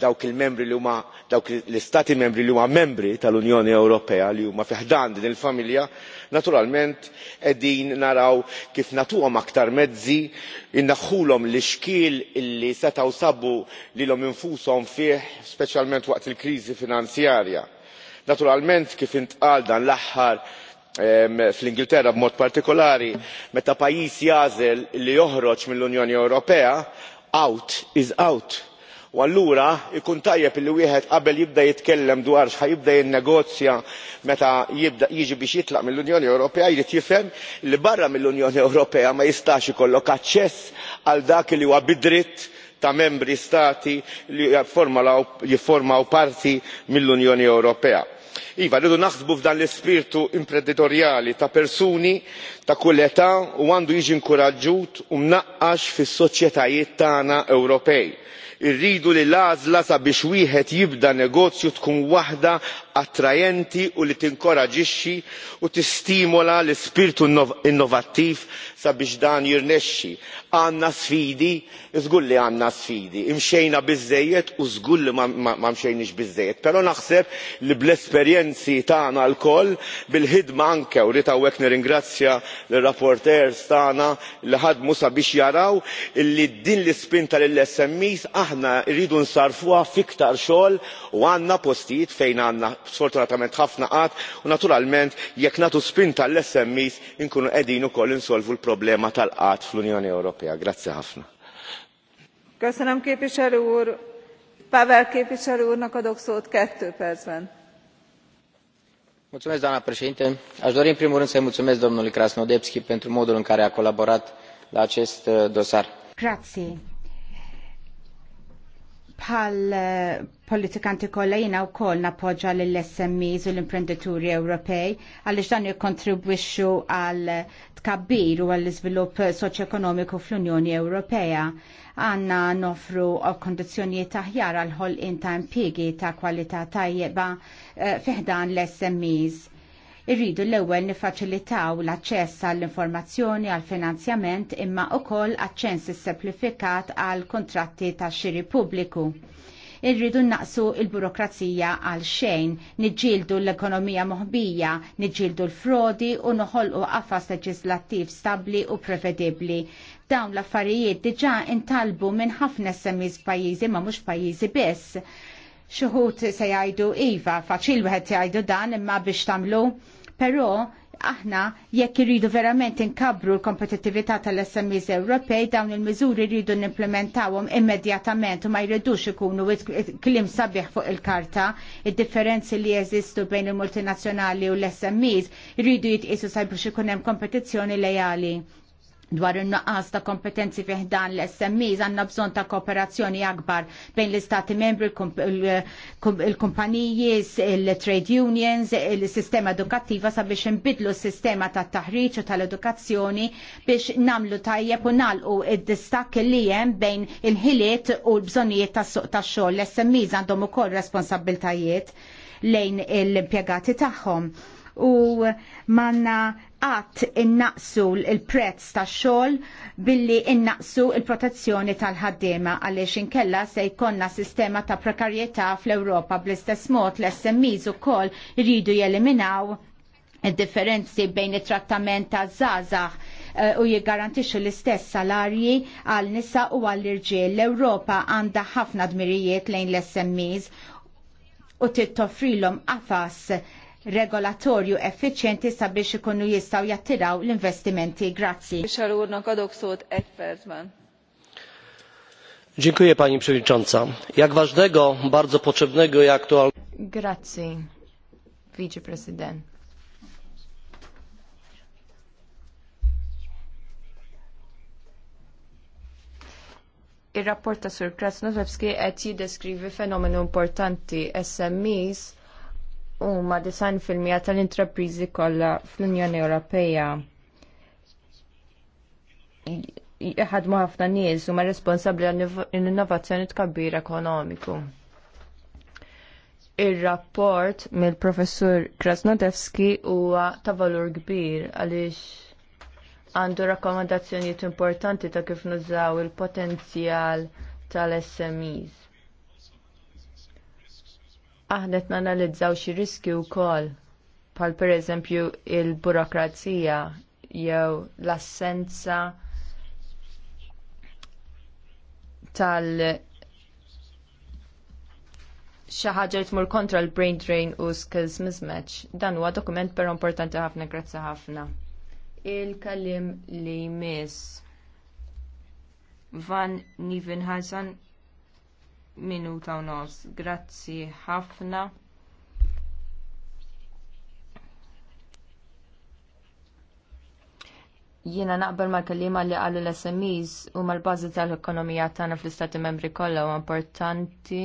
dawk il-membri li huma dawk l-istati membri li huma membri tal-Unjoni Ewropea li huma fi ħdan din il-familja naturalment qegħdin naraw kif nagħtuhom aktar mezzi innaħħulhom l-ixkiel illi setgħu sabu lilhom infushom fih speċjalment waqt il-kriżi finanzjarja. Naturalment kif intqal dan l-aħħar fl-Ingilterra b'mod partikolari meta pajjiż jagħżel li joħroġ mill-Unjoni Ewropea out is out. U allura ikun tajjeb li wieħed qabel jibda jitkellem dwar x'ha jibda jinnegozja meta jibda jiġi biex jitlaq mill-Unjoni Ewropea jrid jifhem li barra mill-Unjoni Ewropea ma jistax ikollok aċċess għal dak li huwa bidritt ta' membri stati li jiffurmaw parti mill-Unjoni Ewropea iva rridu naħsbu f'dan l ispirtu imprenditorjali ta' persuni ta' kull età u għandu jiġi inkoraġġut u mnaqqax fis-soċjetajiet tagħna ewropej. irridu li l-għażla sabiex wieħed jibda negozju tkun waħda attrajenti u li tinkoraġixxi u tistimola l-ispirtu innovattiv sabiex dan jirnexxi. Għandna sfidi, żgur li għandna sfidi. Imxejna biżżejjed u żgur li ma mxejniex biżżejjed. Però naħseb li bl-esperjenzi tagħna lkoll bil-ħidma anke u rrid hawnhekk nirringrazzja lir rapporters tagħna li ħadmu sabiex jaraw li din l-ispinta lill-smes aħna rridu nsarfuha f'iktar xogħol u għandna postijiet fejn għandna sfortunatament ħafna qatt u naturalment jekk nagħtu spinta l smes inkunu qegħdin ukoll insolvu l-problema tal-qatt fl-Unjoni Ewropea. Grazzi ħafna. Köszönöm képviselő úr. Pavel képviselő úrnak adok szót kettő percben doamnă președintă aș dori în primul rând să i mulțumesc domnului krasnodbski pentru modul în care a colaborat la acest uh, dosar. Bħal eh, politikanti kollha u wkoll nappoġġa lill smes u l imprenditori Ewropej għaliex dan jikkontribwixxu għal tkabbir u għall iżvilupp soċjoekonomiku fl-Unjoni Ewropea. Għanna nofru kondizzjonijiet aħjar għal ħolqien ta' impiegi ta' kwalità tajjeba eh, fiħdan l-SMEs Irridu l-ewwel nifaċilitaw l-aċċess għall-informazzjoni għall finanzjament imma wkoll aċċens issemplifikat għal kontratti tax xiri pubbliku. Irridu naqsu il-burokrazija għal xejn, niġġieldu l-ekonomija moħbija, niġġieldu l-frodi u noħolqu qafas leġislattiv stabli u prevedibbli. Dawn l-affarijiet diġà intalbu minn ħafna SMEs pajjiżi ma mhux pajjiżi biss Xuħut se jgħidu iva, faċil wieħed jgħidu dan imma biex tamlu, però aħna jekk irridu verament inkabru l-kompetittività tal-SMEs Ewropej dawn il-miżuri rridu nimplementawhom immedjatament u ma jridux ikunu kliem sabiħ fuq il-karta id-differenzi li jeżistu bejn il-multinazzjonali u l-SMEs rridu jitqisu sabiex ikun hemm kompetizzjoni lejali dwar in-nuqqas ta' kompetenzi fih dan l-SMEs għandna bżonn ta' kooperazzjoni akbar bejn l-istati membri, il-kumpaniji, il-trade unions, il-sistema edukattiva sabiex inbidlu s-sistema ta' taħriġ u tal-edukazzjoni biex namlu tajjeb u nalqu id-distak li jem bejn il-ħiliet u l-bżonnijiet ta', suq tax-xogħol. L-SMEs għandhom ukoll responsabiltajiet lejn l-impjegati tagħhom u manna qatt innaqsu il-prezz tax-xogħol billi innaqsu il-protezzjoni tal-ħaddiema għaliex inkella se jkollna sistema ta' prekarjetà fl-Ewropa bl-istess mod l u ukoll jridu jeliminaw id-differenzi bejn it-trattament ta' zazax eh, u jiggarantixxu l-istess salarji għal nisa u għall irġiel L-Ewropa għandha ħafna dmirijiet lejn l-SMEs u titoffrilhom qafas regolatorju effiċjenti sabiex ikunu jistgħu jattiraw l-investimenti. Grazzi. Dziękuję Pani Przewodnicząca. Jak ważnego, bardzo potrzebnego i aktualnego. Grazie, Wiceprezydent. Ir-rapport ta' Sur Krasnodewski qed jiddeskrivi fenomenu importanti SMEs huma design fil-mija tal-intrapriżi kollha fl-Unjoni Ewropea ħadmu ħafna nies huma responsabbli għall-innovazzjoni tkabbir ekonomiku. Ir-rapport mill-professur Krasnodewski huwa ta' valur kbir għaliex għandu rakkomandazzjonijiet importanti ta' kif nużaw il-potenzjal tal-SMEs aħna qed nanalizzaw xi riskju wkoll per pereżempju l burokrazija jew l-assenza tal xi ħaġa tmur kontra l-brain drain u skills mismatch. Dan huwa dokument però importanti ħafna grazzi ħafna. Il-kalim li jmiss Van Nivenhazan minuta u nos. Grazzi ħafna. Jiena naqbel mal kelliema li qalu l-SMEs u mal bażi tal-ekonomija tagħna fl-istati membri kollha u importanti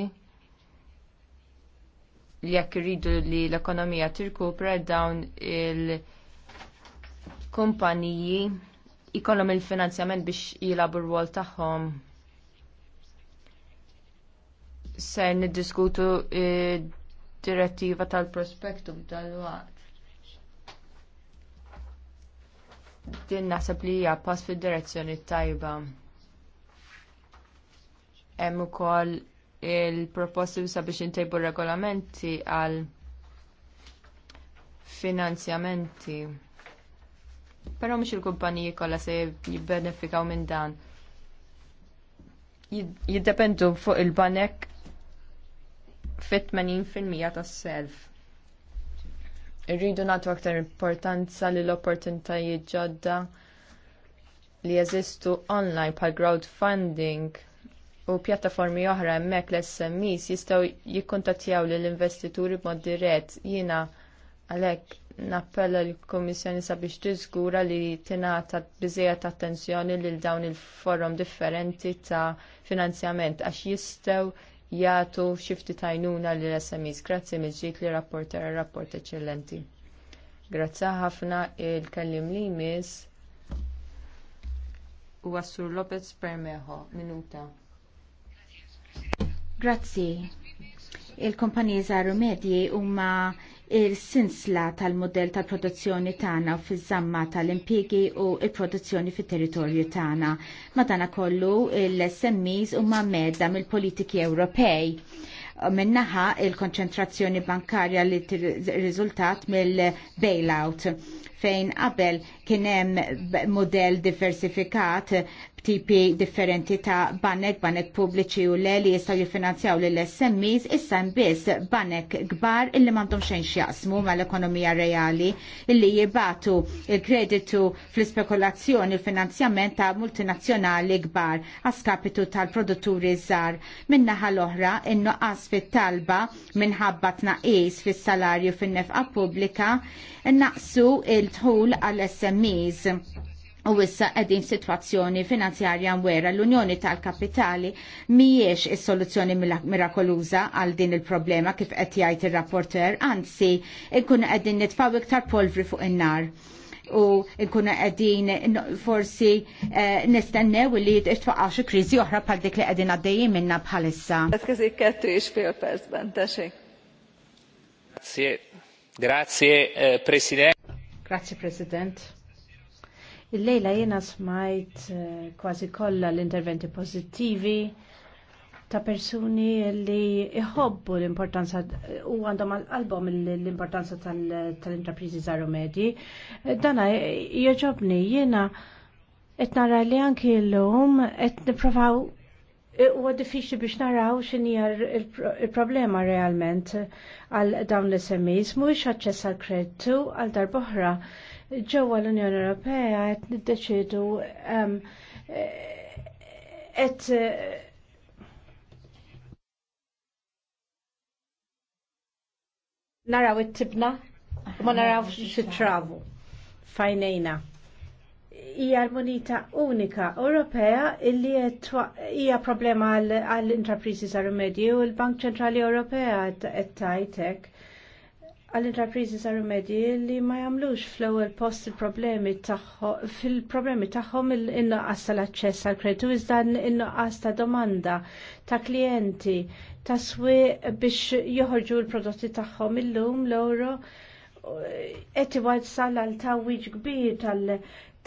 li jekk irridu li l-ekonomija tirkupra dawn il-kumpaniji ikollhom il-finanzjament biex jilabu r wol tagħhom ser niddiskutu e, direttiva tal-prospektum tal-waqt. Din naħseb li hija pass fid-direzzjoni tajba. Hemm ukoll il-proposti sabiex intejbu regolamenti għal finanzjamenti. Però mhux il-kumpaniji kollha se jibbenefikaw minn dan. Jiddependu fuq il-banek fit-80% tas-self. Irridu nagħtu aktar importanza l opportunitajiet ġodda li jeżistu online bħal crowdfunding u pjattaformi oħra hemmhekk l-SMEs jistgħu jikkuntattjaw lill investituri b'mod dirett jiena għalhekk nappella l-Kummissjoni sabiex tiżgura li tingħata biżejjed attenzjoni lil dawn il-forum differenti ta' finanzjament għax jistgħu jgħatu xi ftit tajnuna l-SMIs. Grazzi mill-ġid li rapporter rapport eċċellenti. Grazzi ħafna il-kellim li mis. u Assur Lopez Permeho. Minuta. Grazzi. Il-kompanija Zaru Medji huma il-sinsla tal-modell tal-produzzjoni tagħna u fiż-żamma tal-impjiegi u il-produzzjoni fit-territorju tagħna. Madana kollu il-SMEs huma medda mill-politiki Ewropej. Minnaħa il-konċentrazzjoni bankarja li riżultat mill-bailout fejn qabel kien hemm modell diversifikat tipi differenti ta' banek, banek pubbliċi u le li jistaw jifinanzjaw lill smis issa biss banek kbar illi mandom xejn ma mal-ekonomija reali illi jibatu il-kreditu fl-spekulazzjoni il-finanzjament ta' multinazzjonali kbar għaskapitu tal-produtturi żgħar. minna l-oħra in-nuqqas fit-talba minħabba tnaqis fis-salarju fin-nefqa pubblika innaqsu il-tħul għall-SMEs u issa qegħdin situazzjoni finanzjarja mwera l-Unjoni tal-Kapitali mhijiex is-soluzzjoni mirakoluża għal din il-problema kif qed jgħid ir-rapporter, anzi nkunu qegħdin nitfaw iktar polvri fuq in-nar u nkunu qegħdin forsi eh, nistennew li jitfaqa' xi kriżi oħra bħal dik li qegħdin għaddejjin minna bħalissa. Grazie, grazie eh, President. Grazie President. Il-lejla jena smajt eh, kważi kollha l-interventi pożittivi ta' persuni li iħobbu l-importanza u għandhom għal-album l-importanza tal-intrapriżi tal zaru medji. Dana eh, jieġobni jiena qed nara li anki l-lum qed nipprovaw eh, huwa diffiċli biex naraw x'inhi il-problema realment għal dawn l-SMEs mhuwiex aċċess għal kreditu għal darboħra. oħra ġewwa l-Unjoni Ewropea qed niddeċidu qed ehm, naraw it-tibna ma naraw xitravu fajnejna. Hija l-monita unika Ewropea illi hija problema għall-intrapriżi sar u l-Bank Ċentrali Ewropea qed tajtek għall-intrapriżi sar rimedji li ma jagħmlux fl-ewwel post il-problemi tagħhom fil-problemi tagħhom in-nuqqas tal-aċċess għall kreditu iżda in-nuqqas ta' domanda ta' klijenti ta' swi biex joħorġu l-prodotti tagħhom illum l-euro eh, qed iwassal għal tawwiġ kbir tal-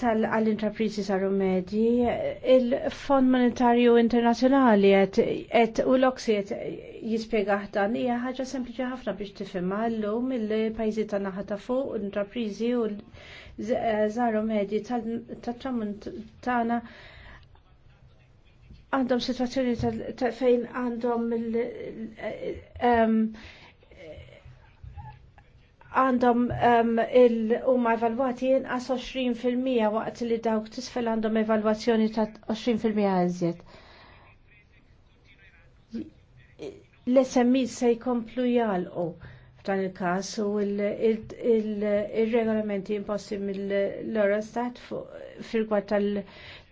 tal-intrapriżi saru medji, il-Fond Monetarju Internazzjonali et u l-Oksi et dan hija ħaġa sempliċi ħafna biex tifhimha llum il-pajjiżi ta' naħa ta' fuq l-intrapriżi u żaru medji tat-tramunt tagħna għandhom situazzjoni fejn għandhom eh, eh, għandhom um, il-huma evalwati inqas 20% waqt li dawk tisfel għandhom evalwazzjoni ta' 20% għazjet. L-SMI se jkomplu jgħalqu f'dan il-kas u il-regolamenti imposti mill-Eurostat fil-gwad tal-tħol.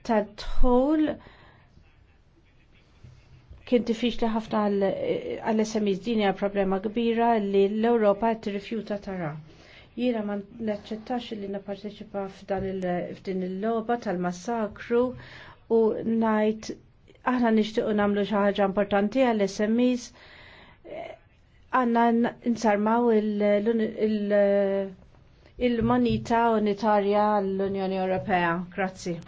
tal tħol kien tifiċli ħafna għall-SMEs din hija problema kbira li l-Ewropa qed tirrifjuta tara. Jiena ma naċċettax li napparteċipa f'din il-logħba tal-massakru u ngħid aħna nixtiequ nagħmlu xi ħaġa importanti għall-SMEs għandna nsarmaw il-monita unitarja l-Unjoni Ewropea. Grazzi.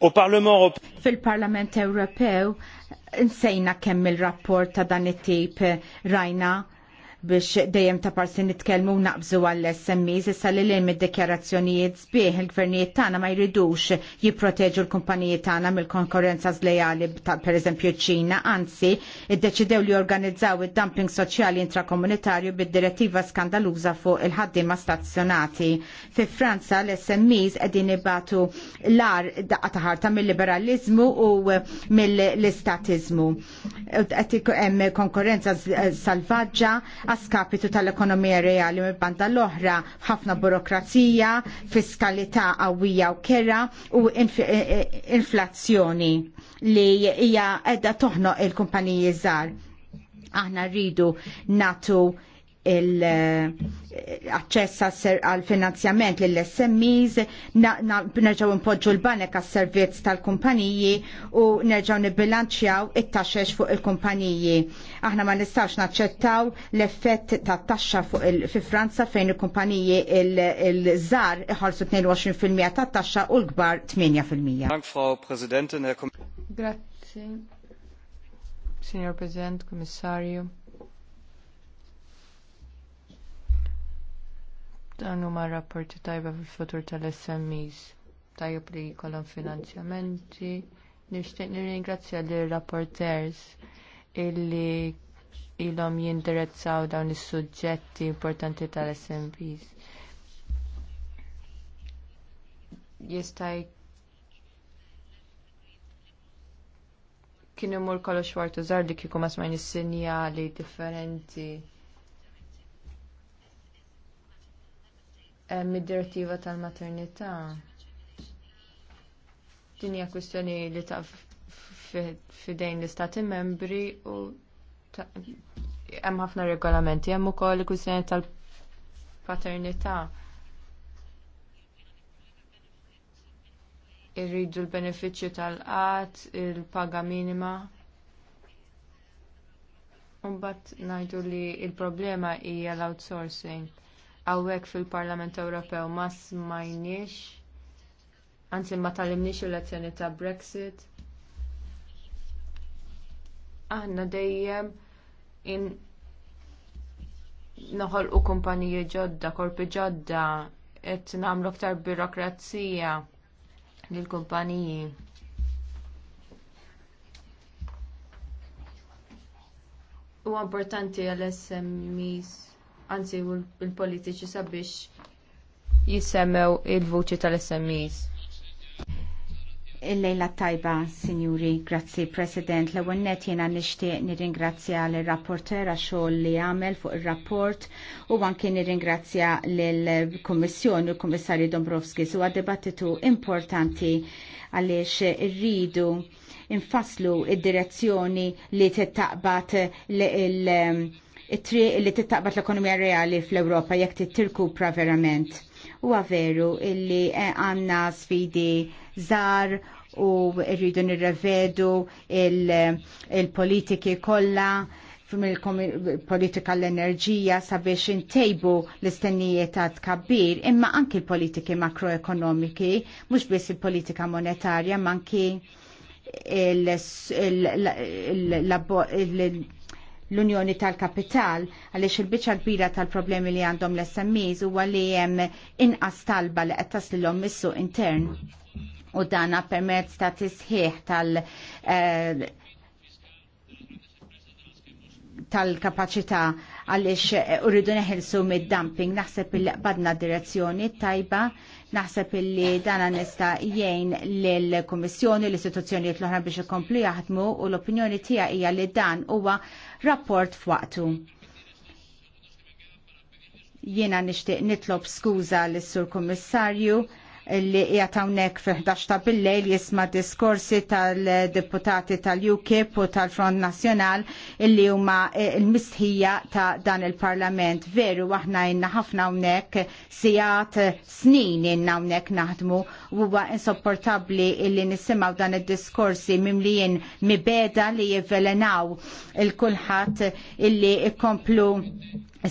Au Parlement fil-Parlament Ewropew insejna kemm il-rapport ta' dan it-tip rajna biex dejjem ta' parsi nitkellmu naqbżu għall-SMEs issa li l id-dikjarazzjonijiet sbieħ il-gvernijiet tagħna ma jridux jipproteġu l-kumpaniji tagħna mill-konkurrenza żlejali tal pereżempju ċina, anzi iddeċidew li jorganizzaw id-dumping soċjali intrakomunitarju bid-direttiva skandaluża fuq il-ħaddiema stazzjonati. Fi Franza l-SMEs qegħdin ibatu l-ar daqqa ta' mill-liberalizmu u mill-istatizmu. Hemm konkurrenza salvaġġa għaskapitu tal-ekonomija reali mill banda l-oħra ħafna burokrazija, fiskalità qawwija u kera u e, e, inflazzjoni li hija qiegħda toħno il-kumpaniji żgħar. Aħna rridu natu l access għal finanzjament lill smes nerġaw impoġġu l-banek għas servizz tal-kumpaniji u nerġaw nibilanċjaw it-taxxex fuq il-kumpaniji. Aħna ma nistax naċċettaw l-effett ta' taxxa fuq fi Franza fejn il-kumpaniji il-żar iħarsu 22% ta' taxxa u l-kbar 8%. Dank, Frau Presidentin, Herr Grazie. Signor President, Commissario. dan huma rapporti tajba fil-futur tal-SMEs tajjeb li jkollhom finanzjamenti. Nixtieq nirringrazzja lir rapporters illi ilhom jindirezzaw dawn is-suġġetti importanti tal-SMPs. Jistaj kien imur kollox wartu żgħar li kieku ma smajni sinjali differenti mid-direttiva tal-maternità. Din hija kwistjoni li ta' fidejn l-istati membri u hemm ħafna regolamenti, hemm ukoll kwistjoni tal-paternità. Irridu l-benefiċċju tal-qatt, il-paga minima. Mbagħad ngħidu li l problema hija l-outsourcing hawnhekk fil-Parlament Ewropew ma smajniex, anzi ma talimniex il-lezzjoni ta' Brexit. Aħna dejjem in noħolqu kumpaniji ġodda, korpi ġodda, qed nagħmlu aktar birokrazija lill kumpaniji. Huwa importanti għal SMEs anzi u l-politiċi sabiex jissemmew il-vuċi tal-SMEs. Il-lejla tajba, sinjuri, grazzi President. L-ewwel jena jiena nixtieq nirringrazzja l rapporter għax xogħol li għamel fuq ir-rapport u nir nirringrazzja lill-Kummissjoni u l-Kummissarju Dombrovski għad dibattitu importanti għaliex irridu infaslu id-direzzjoni li tittaqbad il- it-triq li tittaqbad l-ekonomija reali fl-Ewropa jekk tirkupra verament. Huwa veru illi għandna sfidi zar u rridu nirrevedu il-politiki il kollha politika l-enerġija sabiex intejbu l-istennijiet ta' tkabbir imma anki l-politiki makroekonomiki, mhux biss il-politika monetarja, ma l-Unjoni tal-Kapital għaliex il-biċċa kbira tal-problemi li għandhom l-SMEs huwa li hemm inqas talba li qed taslilhom mis-suq intern u dana permezz ta' tisħiħ tal- eh, tal-kapacità għaliex eh, urridu neħilsu mid-dumping naħseb il-qbadna direzzjoni tajba Naħseb illi dana nista jgħin l-Komissjoni, l-istituzzjonijiet l-oħra biex ikomplu jaħdmu u l-opinjoni tija hija li dan huwa rapport f'waqtu. Jiena nixtieq nitlob skuża l-Sur Kummissarju li jatawnek fi 11 ta' bil-lejl jisma diskorsi tal-deputati tal-UKIP u tal-Front Nazjonal illi huma eh, l mistħija ta' dan il-parlament. Veru, aħna inna ħafna unnek sijat eh, snin inna unnek naħdmu u huwa insopportabli illi nisimaw dan il-diskorsi mimlijin mibeda li jivvelenaw il-kulħat illi ikomplu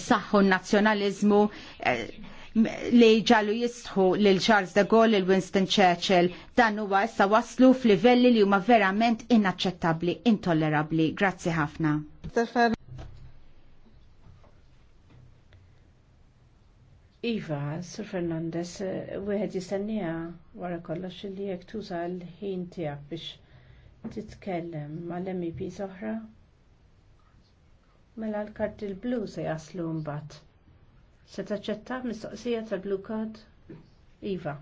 saħħu nazjonalizmu eh, li ġallu jistħu lil Charles de Gaulle, lil Winston Churchill, dan huwa issa waslu f'livelli li huma verament inaċċettabbli, intollerabbli. Grazzi ħafna. Iva, Sir Fernandez, wieħed jistennija wara kollox li jekk tuża l-ħin tiegħek biex titkellem mal-MEP oħra. Mela l kartil l-blu se jaslu mbagħad. Se taċċetta mistoqsija tal-Blue Iva.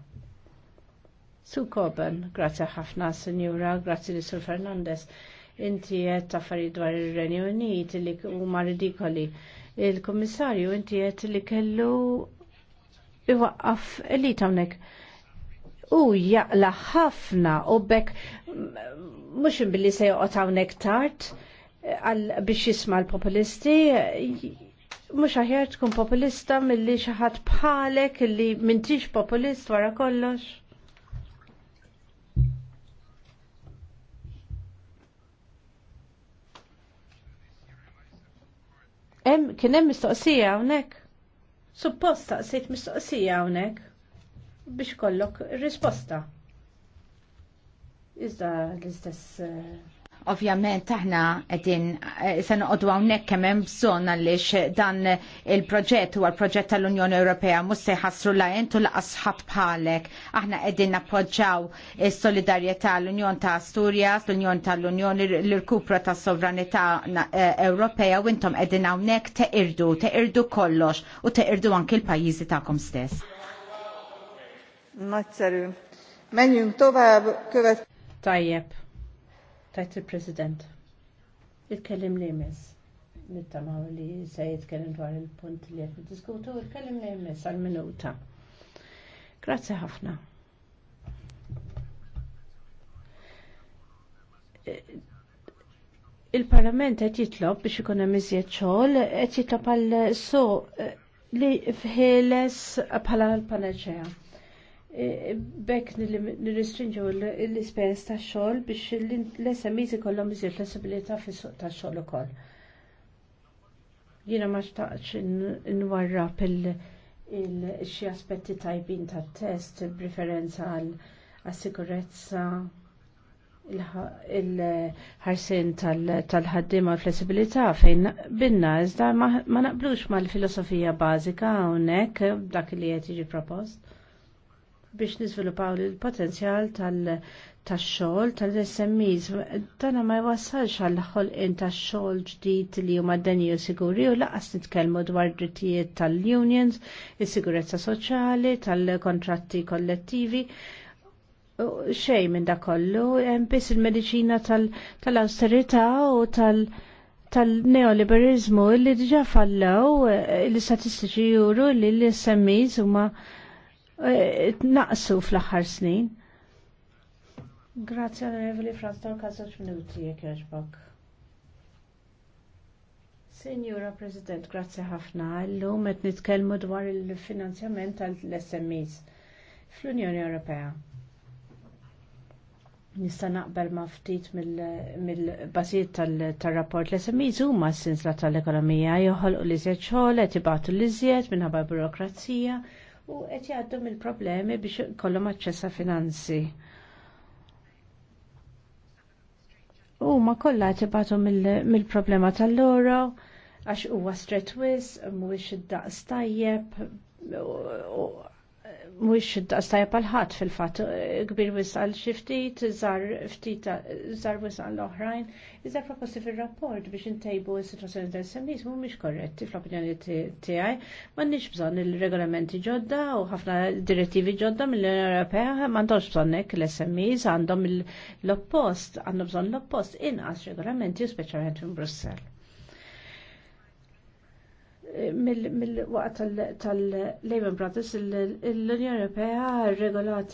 Su Coben, grazzi ħafna, Senjura, grazzi li Sur Fernandez. Inti qed affarijiet dwar ir-Renju Unit li huma ridikoli. Il-Kummissarju inti qed li kellu iwaqqaf li hawnhekk u jaqla ħafna u bekk mhux billi se joqgħod hawnhekk tard biex jisma' l-populisti mux aħjar tkun populista mill-li xaħat bħalek li mintix populist wara kollox. Em, kien hemm mistoqsija hawnhekk. Suppost taqsit mistoqsija hawnhekk biex kollok risposta. Iżda l-istess eh, Ovvjament aħna qegħdin eh, se noqogħdu hawnhekk kemm hemm bżonn għaliex dan il-proġett u l-proġett tal-Unjoni Ewropea mhux se la jentu laqas ħadd bħalek. Aħna qegħdin nappoġġjaw il solidarjetà l-Unjon ta' Asturias, l-Unjon tal-Unjoni l rkupra ta' sovranità eh, Ewropea u intom qegħdin hawnhekk teqirdu, irdu kollox u teqirdu anki l-pajjiżi tagħkom stess. Nagyszerű. Menjum tovab, követ... Tajjeb tajt il-President. Il-kellim li jmiss. Nittamaw li se jitkellem dwar il-punt li għet diskutu, il-kellim li jmiss għal-minuta. Grazie ħafna. Il-Parlament qed jitlob biex ikun hemm iżjed xogħol qed jitlob għal so li fħeles bħala l-panaċea bekk nirrestrinġu l-ispejjeż tax-xogħol biex l-SMEs ikollhom iżjed flessibilità fis-suq tax-xogħol ukoll. Jiena ma xtaqx nwarrab il-xi aspetti tajbin tat-test, il-preferenza għal sikurezza il-ħarsin tal ħaddim u flessibilità fejn binna, iżda ma naqblux mal-filosofija bażika hawnhekk dak li qed jiġi propost biex nizvilupaw il-potenzjal tal-xol, tal-SMEs, Tana ma jwassalx għall in tax-xol ġdid li huma d-denju siguri u laqas nitkellmu dwar drittijiet tal-unions, is-sigurezza soċjali, tal-kontratti kollettivi. Xej minn da kollu, biss il-medicina tal-austerità u tal-, -tal neoliberizmu li diġa fallaw eh, l-istatistiċi juru li l-SMEs huma Eh, naqsu fl-aħħar snin. Grazie onorevoli Franz, tal kazzaċ minuti jek jaġbak. Signora President, grazie ħafna. L-lum et nitkelmu dwar il-finanzjament tal-SMEs fl-Unjoni Ewropea. Nista' naqbel ma' ftit mill-bażijiet tal-rapport l-SMEs huma s-sinsla tal-ekonomija joħolqu l żjed xogħol qed ibatu l iżjed minħabba burokrazija u qed jgħaddu mill-problemi biex kollhom aċċessa finanzi. U ma kollha tibatu mill-problema tal-loro għax huwa stretwis, mhuwiex id-daqs tajjeb mux dastaj palħat fil-fat, kbir wisal xiftit, zar ftit, zar wisal l-oħrajn, iżda proposti fil-rapport biex intejbu il-situazzjoni tal-SMIs mu mux korretti fl-opinjoni tijaj, ma nix bżon il-regolamenti ġodda u ħafna direttivi ġodda mill-Unjoni Ewropea, ma ndox bżonnek l-SMIs għandhom l-oppost, għandhom bżon l-oppost inqas regolamenti, speċjalment minn Brussel mill-waqt tal-Lehman Brothers l-Unjoni Ewropea regolat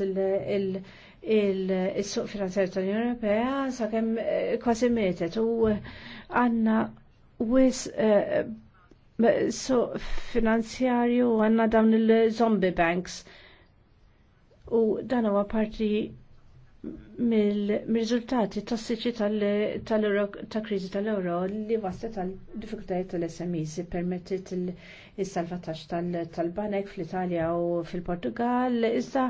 il-suq finanzjar tal-Unjoni Ewropea sakemm eh, kważi metet u għandna wis eh, suq finanzjarju għandna dawn il-zombie banks u dan huwa parti mill-riżultati tas siċi ta' kriżi tal-euro li waslet tal diffikultajiet tal-SMEs permettit il-salvataċ tal-banek fl-Italja u fil-Portugal issa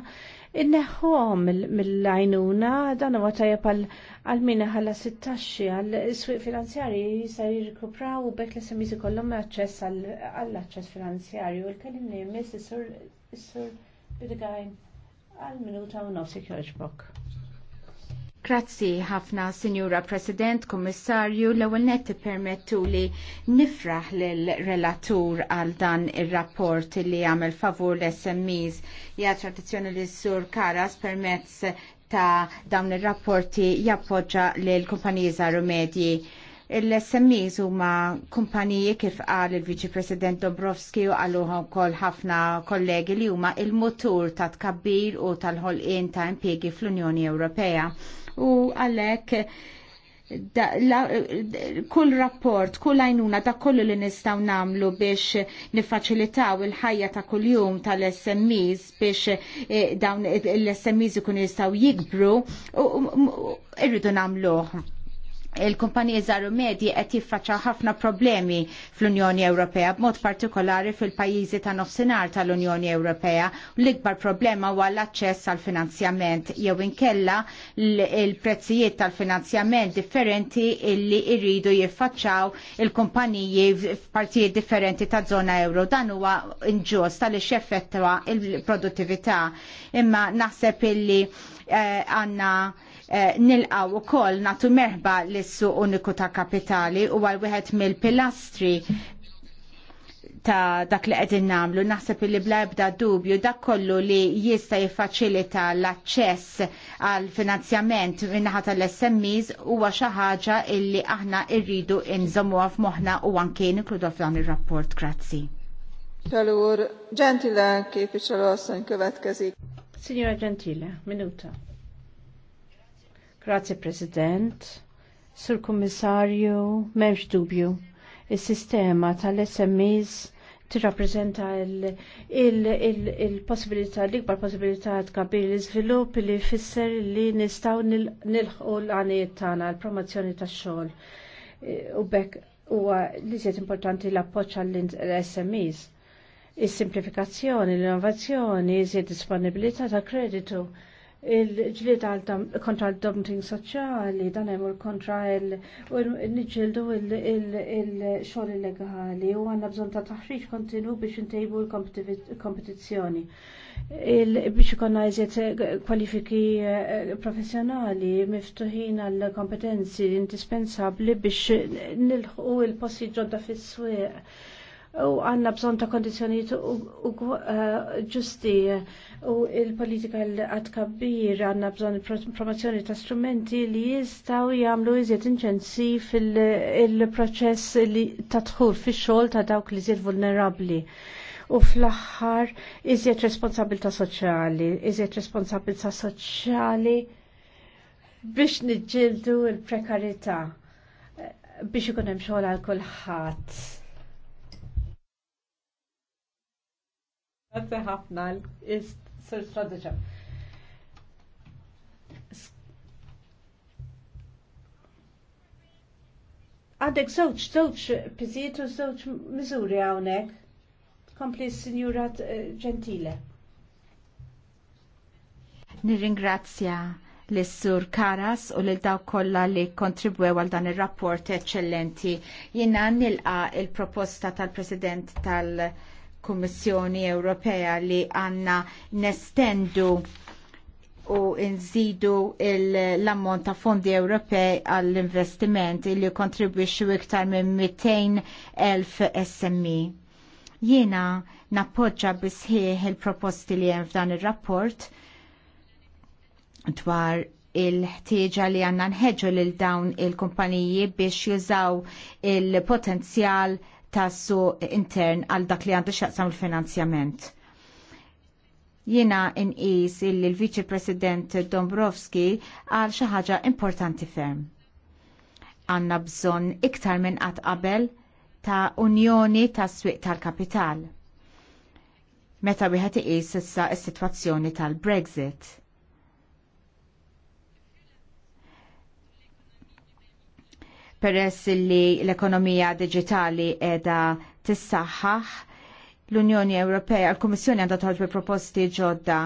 inneħħom mill-għajnuna dan huwa tajjeb għal-mina ħalla 16 għal-iswiq finanzjari jisa jirkupraw u bekk l-SMEs ikollhom aċċess għall-aċċess finanzjarju u l-kellimni jmiss is-sur Bidgajn għal-minuta u nofsi kjoġbok. Grazzi ħafna, Sinjura President, Kommissarju, l ewwel nett permettu li nifraħ l-relatur għal dan il-rapport li għamel favur l-SMEs. Ja tradizjoni li sur Karas permezz ta' dawn il-rapporti jappoġġa l-kumpaniji zaru medji. L-SMEs huma kumpaniji kif qal il-Viċi President Dobrovski u għaluhom kol ħafna kollegi li huma il-motur ta' tkabbir u tal-ħolqien ta' impjiegi fl-Unjoni Ewropea u għalhekk kull rapport, kull għajnuna ta' kollu li nistaw namlu biex nifacilitaw il-ħajja ta' kull jum tal-SMEs biex eh, dawn l-SMEs ikun jistaw jikbru, irridu namluħ il-kumpaniji Zaru medji qed jiffaċċaw ħafna problemi fl-Unjoni Ewropea, b'mod partikolari fil-pajjiżi ta' nofsinhar tal-Unjoni Ewropea. L-ikbar problema huwa l-aċċess għal finanzjament jew inkella il-prezzijiet tal-finanzjament differenti illi jridu jiffaċċaw il-kumpaniji f'partijiet differenti ta' żona euro. Dan huwa inġust għaliex effettwa il-produttività. Imma naħseb illi eh, għandna uh, eh, nilqaw ukoll nagħtu merħba lis-suq uniku ta' kapitali u għal wieħed mill-pilastri ta' dak li qegħdin nagħmlu naħseb li bla ebda dubju dak kollu li jista' jiffaċilita l-aċċess għal finanzjament minnaħa tal-SMEs huwa xi ħaġa illi aħna rridu nżommuha f'moħħna u anke nikludu f'dan ir-rapport. Grazzi. tal Gentile kif asszony következik. Signora Gentile, minuta. Grazie President, Sur Kommissarju, memx dubju, il-sistema tal-SMEs tirrappreżenta il-possibilità, l-ikbar possibilità tkabbir l-izvilupp li fisser li nistaw nilħu l-għaniet tagħna l-promozzjoni tax-xogħol. U bekk huwa li siet importanti l-appoġġ għall-SMEs. Is-simplifikazzjoni, l-innovazzjoni, iżjed disponibilità ta' kreditu il ġlieta kontra l-dumping soċjali, dan hemm kontra il-niġildu il-xogħol illegali u għandna bżonn ta' taħriġ kontinu biex intejbu l-kompetizzjoni. Biex ikonna eżiet kwalifiki eh, professjonali miftuħin għal kompetenzi indispensabbli biex nilħu il possi ġodda fis-swieq u għanna bżon ta' kondizjoniet eh, ġusti u il-politika għad-kabbir għanna bżon promozzjoni ta' strumenti li jistaw jgħamlu iżjed inċensi fil-proċess li ta' tħur fi xol ta' dawk li jizjet vulnerabli u fl-axħar iżjed responsabilta soċjali, iżjed responsabilta soċjali biex nġildu il-prekarita biex ikun hemm xogħol għal kulħadd Grazie ħafna l-Sir Stradiċa. Għadek żewġ żewġ pizietu u żewġ miżuri hawnhekk. Kompli s-Sinjura Ġentile. Eh, Nirringrazzja l-Sur Karas u l daw kolla li kontribwew għal dan il-rapport eccellenti. Jina nilqa il-proposta tal-President tal-, -president tal Kummissjoni Ewropea li għanna nestendu u nżidu l-ammont ta' fondi Ewropej għall-investiment li kontribwixxu iktar minn 200,000 SMI. E. Jiena nappoġġa bisħieħ il-proposti li hemm f'dan ir-rapport dwar il-ħtieġa li għanna nħeġġu lil dawn il-kumpaniji biex jużaw il-potenzjal il potenzjal tassu intern għal dak li għandu xaqsam il-finanzjament. Jina is illi l-Viċi President Dombrovski għal xi ħaġa importanti ferm. Għanna bżonn iktar minn qatt qabel ta' unjoni ta' swieq tal-kapital. Meta wieħed iqis issa s-sitwazzjoni tal-Brexit peress li l-ekonomija digitali edha tissaħħaħ l-Unjoni Ewropea, l-Kummissjoni għandha toħroġ bi proposti ġodda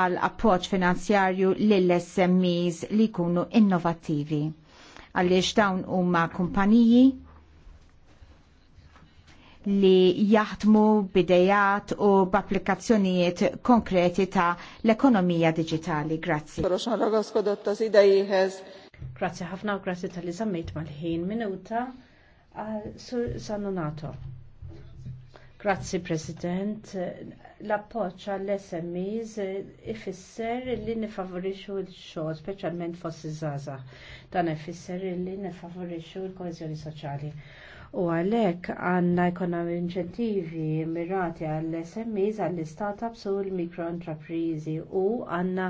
għal appoġġ finanzjarju lill-SMEs li jkunu innovattivi. Għaliex dawn huma kumpaniji li jaħdmu bidejat u b'applikazzjonijiet konkreti ta' l-ekonomija digitali. Grazzi. Grazzi ħafna u grazie tal-li sammejt mal-ħin minuta għal Sur Sanonato. Grazzi President. L-appoċ għall-SMEs ifisser li nifavorixu l-xogħol, speċjalment fost iż-żaza. Dan ifisser li nifavorixu l-kohezjoni soċali u għalhekk għandna jkollna inċentivi mirati għall smes għall startups u l-mikro intraprizi u għandna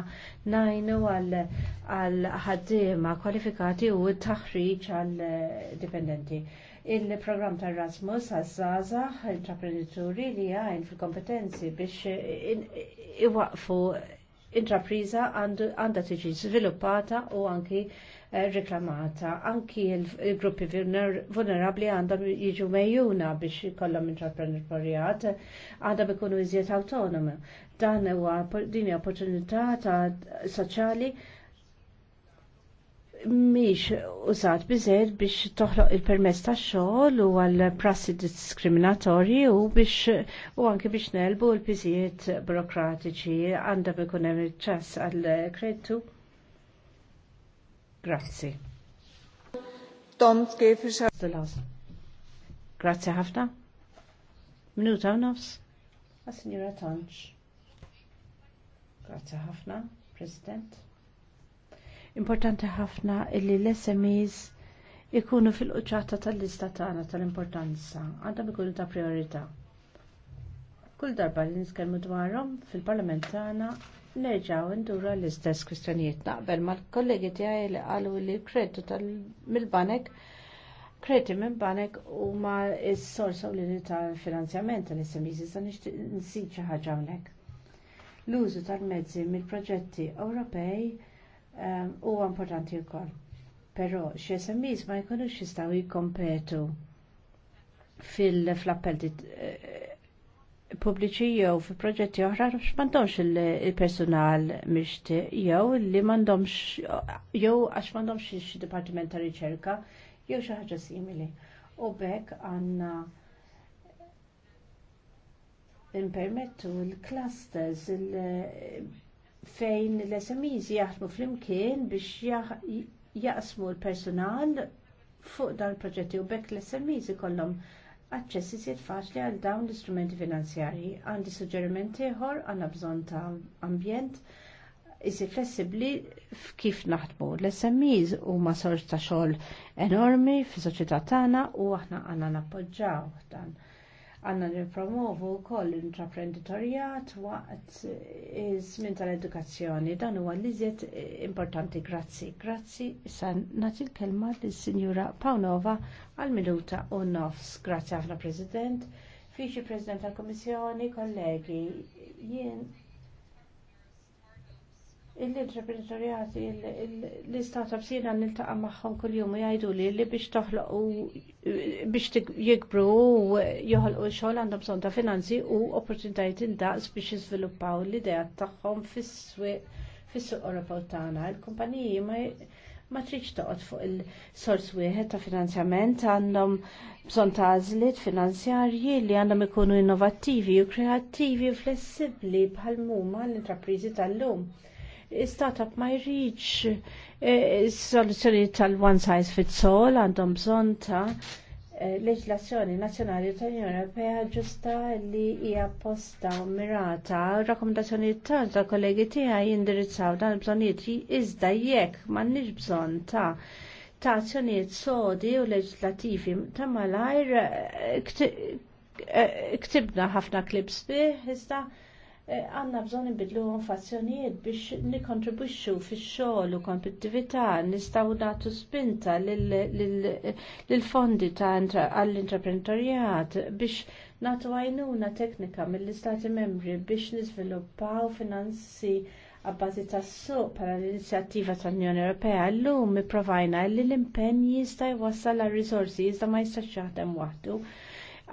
najnu għall ħaddiema kwalifikati u t taħriġ għall dipendenti. Il-programm ta' Erasmus għazzaza intraprenditori li għajn fil-kompetenzi biex iwaqfu intrapriza għandha tiġi sviluppata u anki Eh, reklamata. Anki il-gruppi vulnerabli għandhom jiġu mejjuna biex kollhom intraprenditorjat, għandhom ikunu iżjed autonomi. Dan huwa din opportunità ta' soċjali miex użat biżed biex toħloq il-permess ta' xogħol u għal prassi diskriminatorji u biex u anke biex nelbu l-biżijiet burokratiċi għandha ikun hemm iċċess għal kreditu Grazzi. Tom Kefisha. Grazzi ħafna. Minuta nofs. Għas-Sinjura Tonċ. Grazzi ħafna, President. Importanti ħafna illi l-SMEs ikunu fil-qċata tal-lista tagħna tal-importanza, għandhom ikunu ta' priorità. Kull darba li niskelmu dwarhom fil-Parlament tagħna nerġaw ndura l-istess kwistjonijiet naqbel mal-kollegi tiegħi li qalu li kreditu tal-mill-banek kredi minn banek huma s-sors l-li tal-finanzjament tal-SMEs iżda nixtieq xi ħaġa hawnhekk. L-użu tal-mezzi mill-proġetti Ewropej ehm, huwa importanti wkoll. Però xi SMEs ma jkunux jistgħu jikkompetu fil flappel pubbliċi jew fi proġetti oħra x'mandomx il-personal mixti jew li m'għandhomx jew għax m'għandhomx xi dipartiment ta' riċerka jew xi ħaġa simili. U bekk għandna impermettu l-clusters fejn l-SMEs jaħdmu flimkien biex jaqsmu l-personal fuq dan il proġetti u bekk l-SMEs ikollhom aċċess siet faċli għal dawn l-istrumenti finanzjarji. Għandi suġġerimenti ieħor għandna bżonn ta' ambjent isi flessibbli f'kif naħdmu. L-SMEs huma sorġ ta' xogħol enormi fis-soċjetà tagħna u aħna għandna nappoġġaw dan. Għanna nipromovu koll intraprenditorijat waqt iż tal-edukazzjoni. Dan huwa li liżiet importanti. Grazzi, grazzi. Issa nagħti l-kelma lis-Sinjura Pawnova għal minuta u nofs. Grazzi ħafna President. Fiċi President tal komissjoni kollegi, jien Il-intraprenditorjati, l-istatab jiena niltaqa magħhom kull-jum jgħidu li li biex toħloq u biex jikbru u joħolqu xogħol għandhom bżonn ta' finanzi u opportunitajiet indaqs biex jiżviluppaw l-idea tagħhom fis-suq Ewropew tagħna. Il-kumpaniji ma tridx toqgħod fuq il-sors wieħed ta' finanzjament għandhom bżonn ta' għażliet finanzjarji li għandhom ikunu innovattivi u kreattivi u flessibbli bħal muma l-intrapriżi tal-lum startup ma jridx eh, soluzzjoni tal-one size fits all għandhom bżonn ta' eh, leġlazzjoni nazzjonali tal-Unjoni Ewropea ġusta li hija posta u mirata, rakkomandazzjoni tal ta' kollegi tiegħi jindirizzaw dan il-bżonnijiet iżda jekk m'għandniex bżonn ta' ta' azzjonijiet sodi u leġislattivi ta' malajr eh, ktibna ħafna klips bih iżda għanna bżon nbidlu fazzjonijiet biex nikontribwixxu fix-xogħol u kompetittività nistgħu nagħtu spinta lill-fondi ta' għall-intraprentorjat biex nagħtu għajnuna teknika mill-Istati membri biex niżviluppaw finanzi għabbażi tas-suq para l-inizjattiva tal-Unjoni Ewropea llum ipprovajna li l-impenn jista' jwassal għal rizorsi iżda ma jistax jaħdem waħdu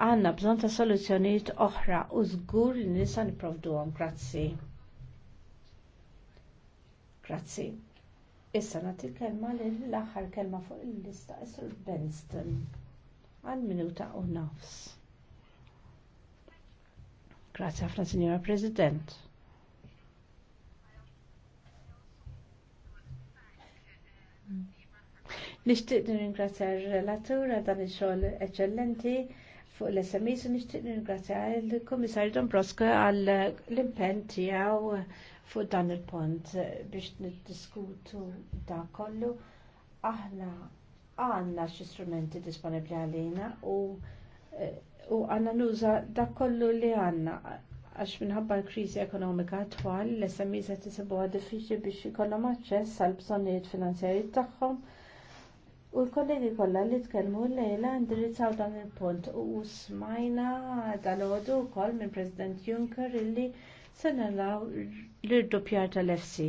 għanna bżon ta' soluzzjonijiet oħra u żgur li nisa nipprovduhom Grazzi. Grazzi. Issa nagħti kelma l aħħar kelma fuq il-lista Isur Benston għal minuta u nafs. Grazzi ħafna Signora President. Nixtieq nirringrazzja r-relatur għal dan ix-xogħol eċċellenti fuq l-SMI nishtiq nixtieq ningrazzja l-Kummissarju Don għal l-impenn tiegħu fuq dan il-pont biex niddiskutu da kollu. Aħna għandna xi strumenti disponibbli għalina u u għanna nuża da kollu li għanna għax minħabba l-kriżi ekonomika twal l-SMI se tisibu diffiċli biex ikollhom aċċess għal bżonnijiet finanzjarji tagħhom U l-kollegi kollha li tkellmu l-lejla indirizzaw dan il-punt u smajna dal-ħodu wkoll minn President Juncker illi se l-irdupjar tal-EFSI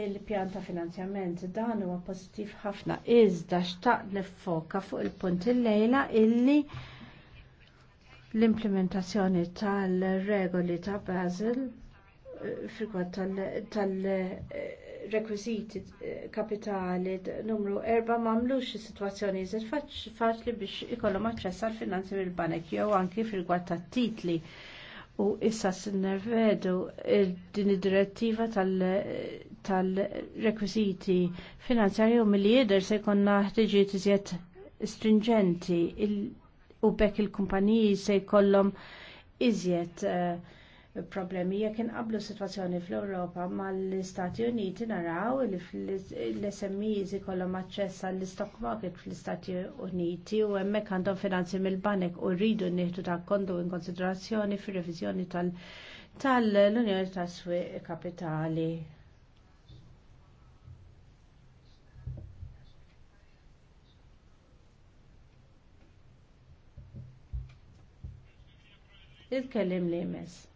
il-pjan ta' finanzjament dan huwa pożittiv ħafna iżda xtaq nifoka fuq il-punt il-lejla illi l-implementazzjoni tal-regoli ta' Basel eh, frikwat tal-, tal eh, rekwiziti eh, kapitali numru erba' mamlux is-sitwazzjoni iżed faċli biex ikollhom aċċess għal finanzi mill-banek jew anki fil-gwad tat-titli. U issa s-nervedu din id-direttiva tal-rekwiziti finanzjarji u mill jidher se jkollna ħtiġijiet iżjed stringenti u bekk il-kumpaniji se jkollhom iżjed uh, problemi jekk inqablu situazzjoni fl-Ewropa mal-Istati Uniti naraw li l-SMEs ikollhom aċċess għall-stock market fl-Istati Uniti u hemmhekk għandhom finanzi mill-banek u rridu nieħdu ta' kondu in konsiderazzjoni fir-reviżjoni tal-Unjoni tas-Swieq Kapitali. Il-kellim li jmiss.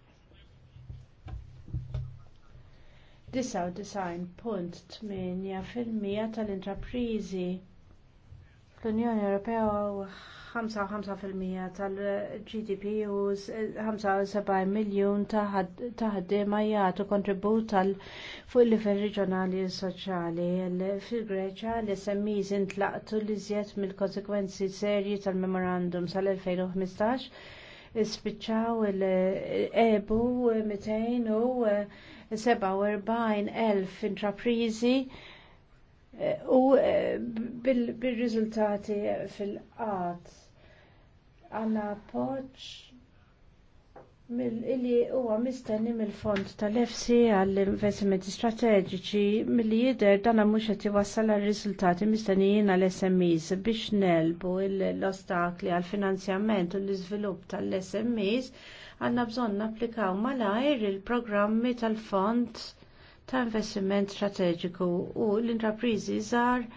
99.8% tal-intraprizi fl-Unjoni Ewropea u 55% tal-GDP u 75 miljun ta' ħaddiema jagħtu kontribut tal fuq il-livell reġjonali u soċjali. Fil-Greċja l-SMEs intlaqtu li żjed mill-konsekwenzi serji tal-memorandum sal-2015 ispiċċaw il-ebu 200 u 47,000 intraprizi eh, u eh, bil-riżultati fil-qat għanna poċ mill-ili huwa mistenni mill-fond tal-EFSI għall-investimenti strateġiċi mill-li jider dana mhux qed iwassal rizultati riżultati mistennijin għall-SMEs biex nelbu l-ostakli għall-finanzjament u l-iżvilupp tal-SMEs għandna bżonn napplikaw malajr il-programmi tal-fond ta' investiment strateġiku u l-intrapriżi żgħar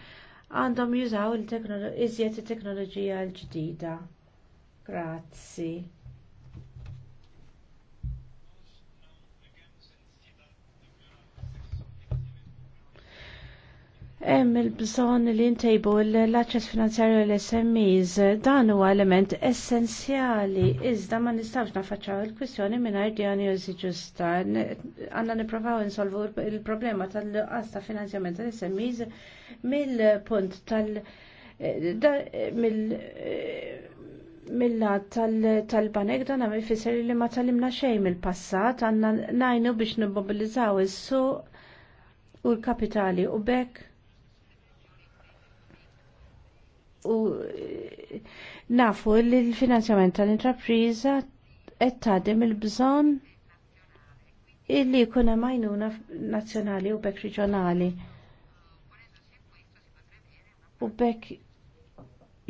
għandhom jużaw iżjed it-teknoloġija l-ġdida. Grazzi. hemm il-bżonn li ntejbu l-aċċess finanzjarju l smis dan huwa element essenzjali iżda ma nistgħux nafaċċaw il-kwistjoni mingħajr diagnosi ġusta. Għandna nipprovaw insolvu il-problema tal-qas ta' finanzjament tal-SMEs mill-punt tal- smis mill punt tal tal-banek dan għamil fisser li ma talimna xejn mill-passat għandna najnu biex nimmobilizzaw is-suq u l-kapitali u bekk u nafu li l-finanzjament tal-intrapriża qed tagħdim il-bżonn illi jkun hemm għajnuna nazzjonali u bekk reġjonali. U bekk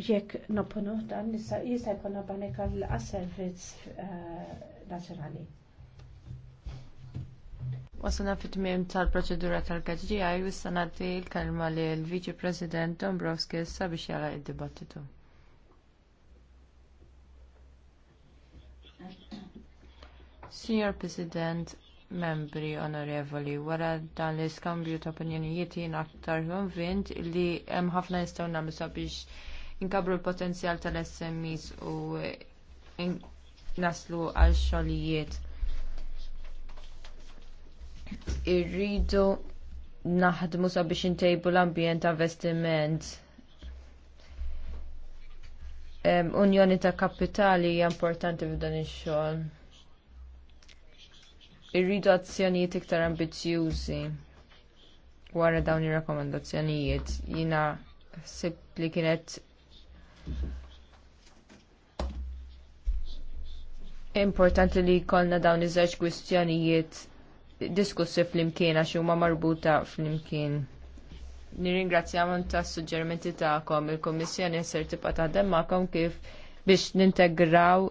jekk nopponu dan jista' jkun banek għal servizz eh, nazzjonali. Wasana fit-tmiem tal-proċedura tal-KGI u s-sanati l-kalma li l-Viċi President Dombrovskis sabiex jara id-dibattitu. Signor President, membri onorevoli, wara dan li skambju ta' opinjonijiet jien aktar konvint li hemm ħafna nistgħu nagħmlu sabiex inkabru l-potenzjal tal-SMEs u naslu għal xogħlijiet irridu naħdmu sabiex intejbu l-ambjent ta' investiment. Um, unjoni ta' kapitali hija importanti f'dan ix-xogħol. Irridu azzjonijiet iktar ambizzjużi wara dawn ir-rakkomandazzjonijiet. Jiena ħsibt li kienet importanti li jkollna dawn iż-żewġ kwistjonijiet diskussi fl-imkien għax huma marbuta fl-imkien. Nirringrazzjam tas suġġerimenti tagħkom il-Kummissjoni ser tibqa' taħdem magħkom kif biex nintegraw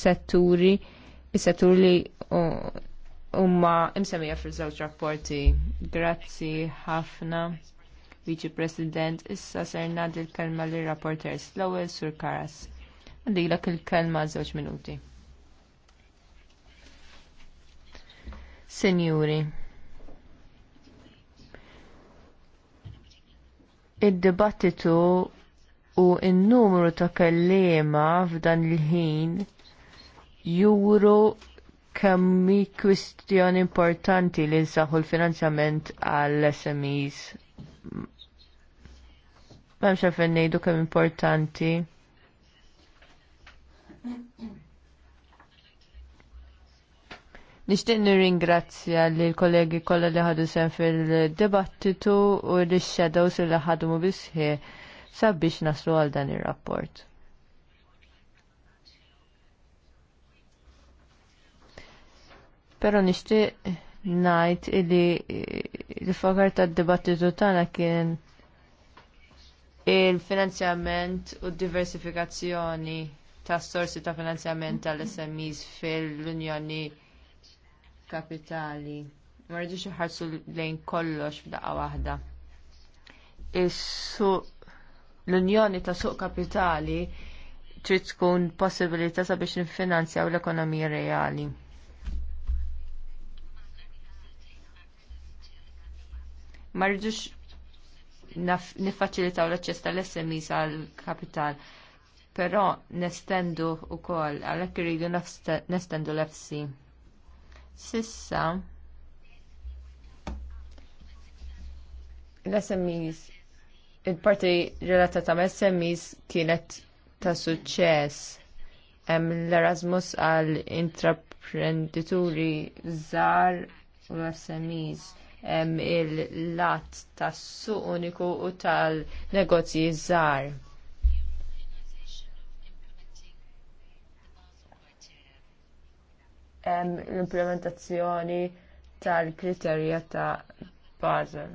setturi is-settur li huma imsemmija fil-żewġ rapporti. Grazzi ħafna. Viċi President, issa serna dil kelma li rapporters l-ewwel Sur Karas. Għandilek il-kelma żewġ minuti. Senjuri. Id-dibattitu u n-numru ta' kelliema f'dan il-ħin juru kemmi kwistjoni importanti li nsaħu l-finanzjament għall-SMEs. Memxa ngħidu kemm importanti Nixtieq nirringrazzja lill kollegi kollha li ħadu sen fil-dibattitu u l-shadows li ħadu mu bisħi sabiex naslu għal dan ir-rapport. Pero nixtieq ngħid li l-fakar tad-dibattitu tagħna kien il-finanzjament u d diversifikazzjoni ta' sorsi ta' finanzjament tal-SMEs fil-Unjoni kapitali. Ma rridux iħarsu lejn kollox f'daqqa waħda. Is-suq l-Unjoni ta' Suq Kapitali trid tkun possibilità sabiex niffinanzjaw l-ekonomija reali. ma rridux niffaċilitaw l-aċċess tal-SMEs għall kapital però nestendu wkoll għalhekk irridu nestendu l-FC. Sissa l-SMEs il-parti relata ta' SMEs kienet ta' suċċess hemm l-Erasmus għal intraprendituri żgħar u l-SMEs hemm il-lat tas-suq uniku u tal-negozji żgħar. l-implementazzjoni tal-kriterja ta' Basel.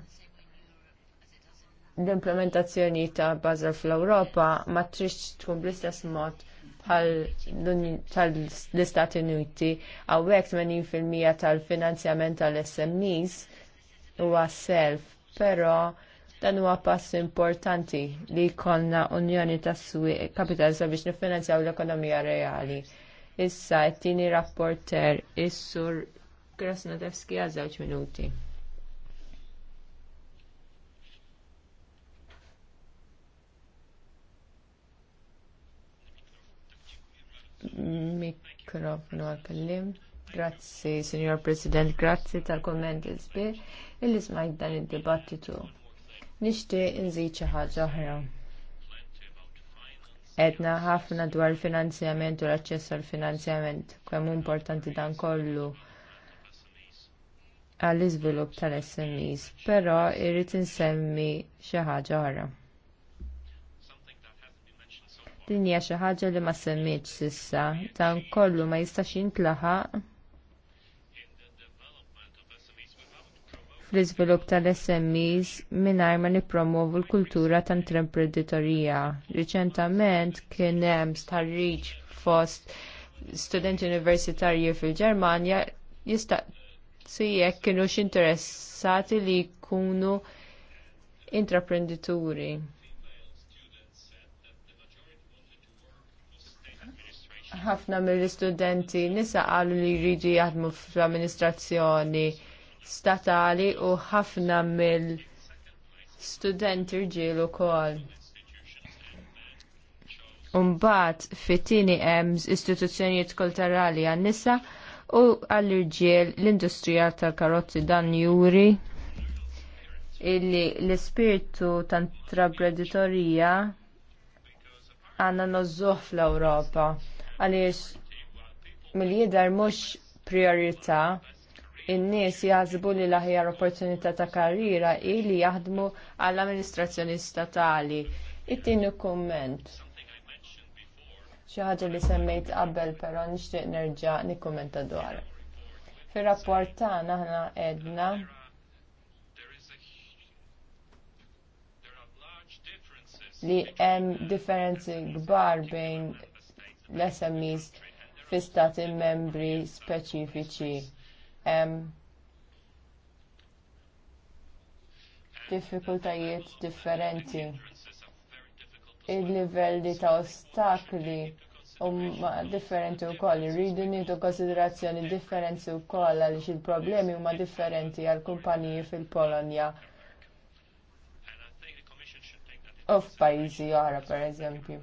L-implementazzjoni ta' Basel fl-Ewropa ma trix tkun bl-istess mod bħal l-Istati Uniti għawek 80% tal-finanzjament tal-SMEs huwa self, però dan huwa pass importanti li jkollna unjoni tas-swieq kapitali sabiex nifinanzjaw l-ekonomija reali Issa, t-tini rapporter, is-sur Krasnodevski għal żewġ minuti. Mikrofonu għal-kellim. Grazzi, Signor President, grazzi tal-komment il-sbir il-li smajt dan il-dibattitu. Nishti nżid xi ħra. oħra edna ħafna dwar il-finanzjament u l-aċċess għall finanzjament kemm importanti dan kollu għall iżvilupp tal-SMEs, però irrid insemmi xi ħaġa oħra. Din hija xi ħaġa li ma semmitx sissa, dan kollu ma jistax jintlaħaq fl-iżvilupp tal-SMEs mingħajr ma nippromovu l-kultura ta' intreprenditorija. Riċentament kien hemm starriġ fost studenti universitarji fil-Ġermanja jistaqsi jekk kienu x'interessati li jkunu intraprendituri. ħafna mill-istudenti nisa qalu li jridu jaħdmu fl-amministrazzjoni statali u ħafna mill studenti rġiel ukoll. Umbat fit-tieni hemm istituzzjonijiet kulturali għan-nisa u għall-irġiel l-industrija tal-karozzi dan juri illi l-ispirtu tal intrapreditorija għandna nożzuh fl-Ewropa għaliex mill-jidher mhux priorità in-nies jaħsbu li l-aħjar opportunità ta' karriera ili jaħdmu għall-amministrazzjoni statali. It-tieni kumment. Xi ħaġa li semmejt qabel però nixtieq nerġa' nikkumenta dwar. Fir-rapport tagħna aħna qedna li hemm differenzi kbar bejn l-SMEs fi stati membri speċifiċi diffikultajiet differenti. Il-livelli ta' ostakli huma differenti wkoll, irridu nieħdu konsiderazzjoni differenzi wkoll għaliex il-problemi huma differenti għall kumpaniji fil-Polonja u f'pajjiżi oħra pereżempju.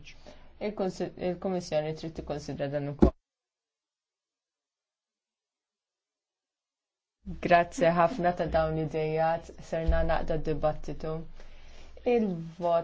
il kummissjoni trid tikkonsidra dan ukoll. Grazzi ħafna ta' dawn idejat, serna naqda d-dibattitu. Il-vot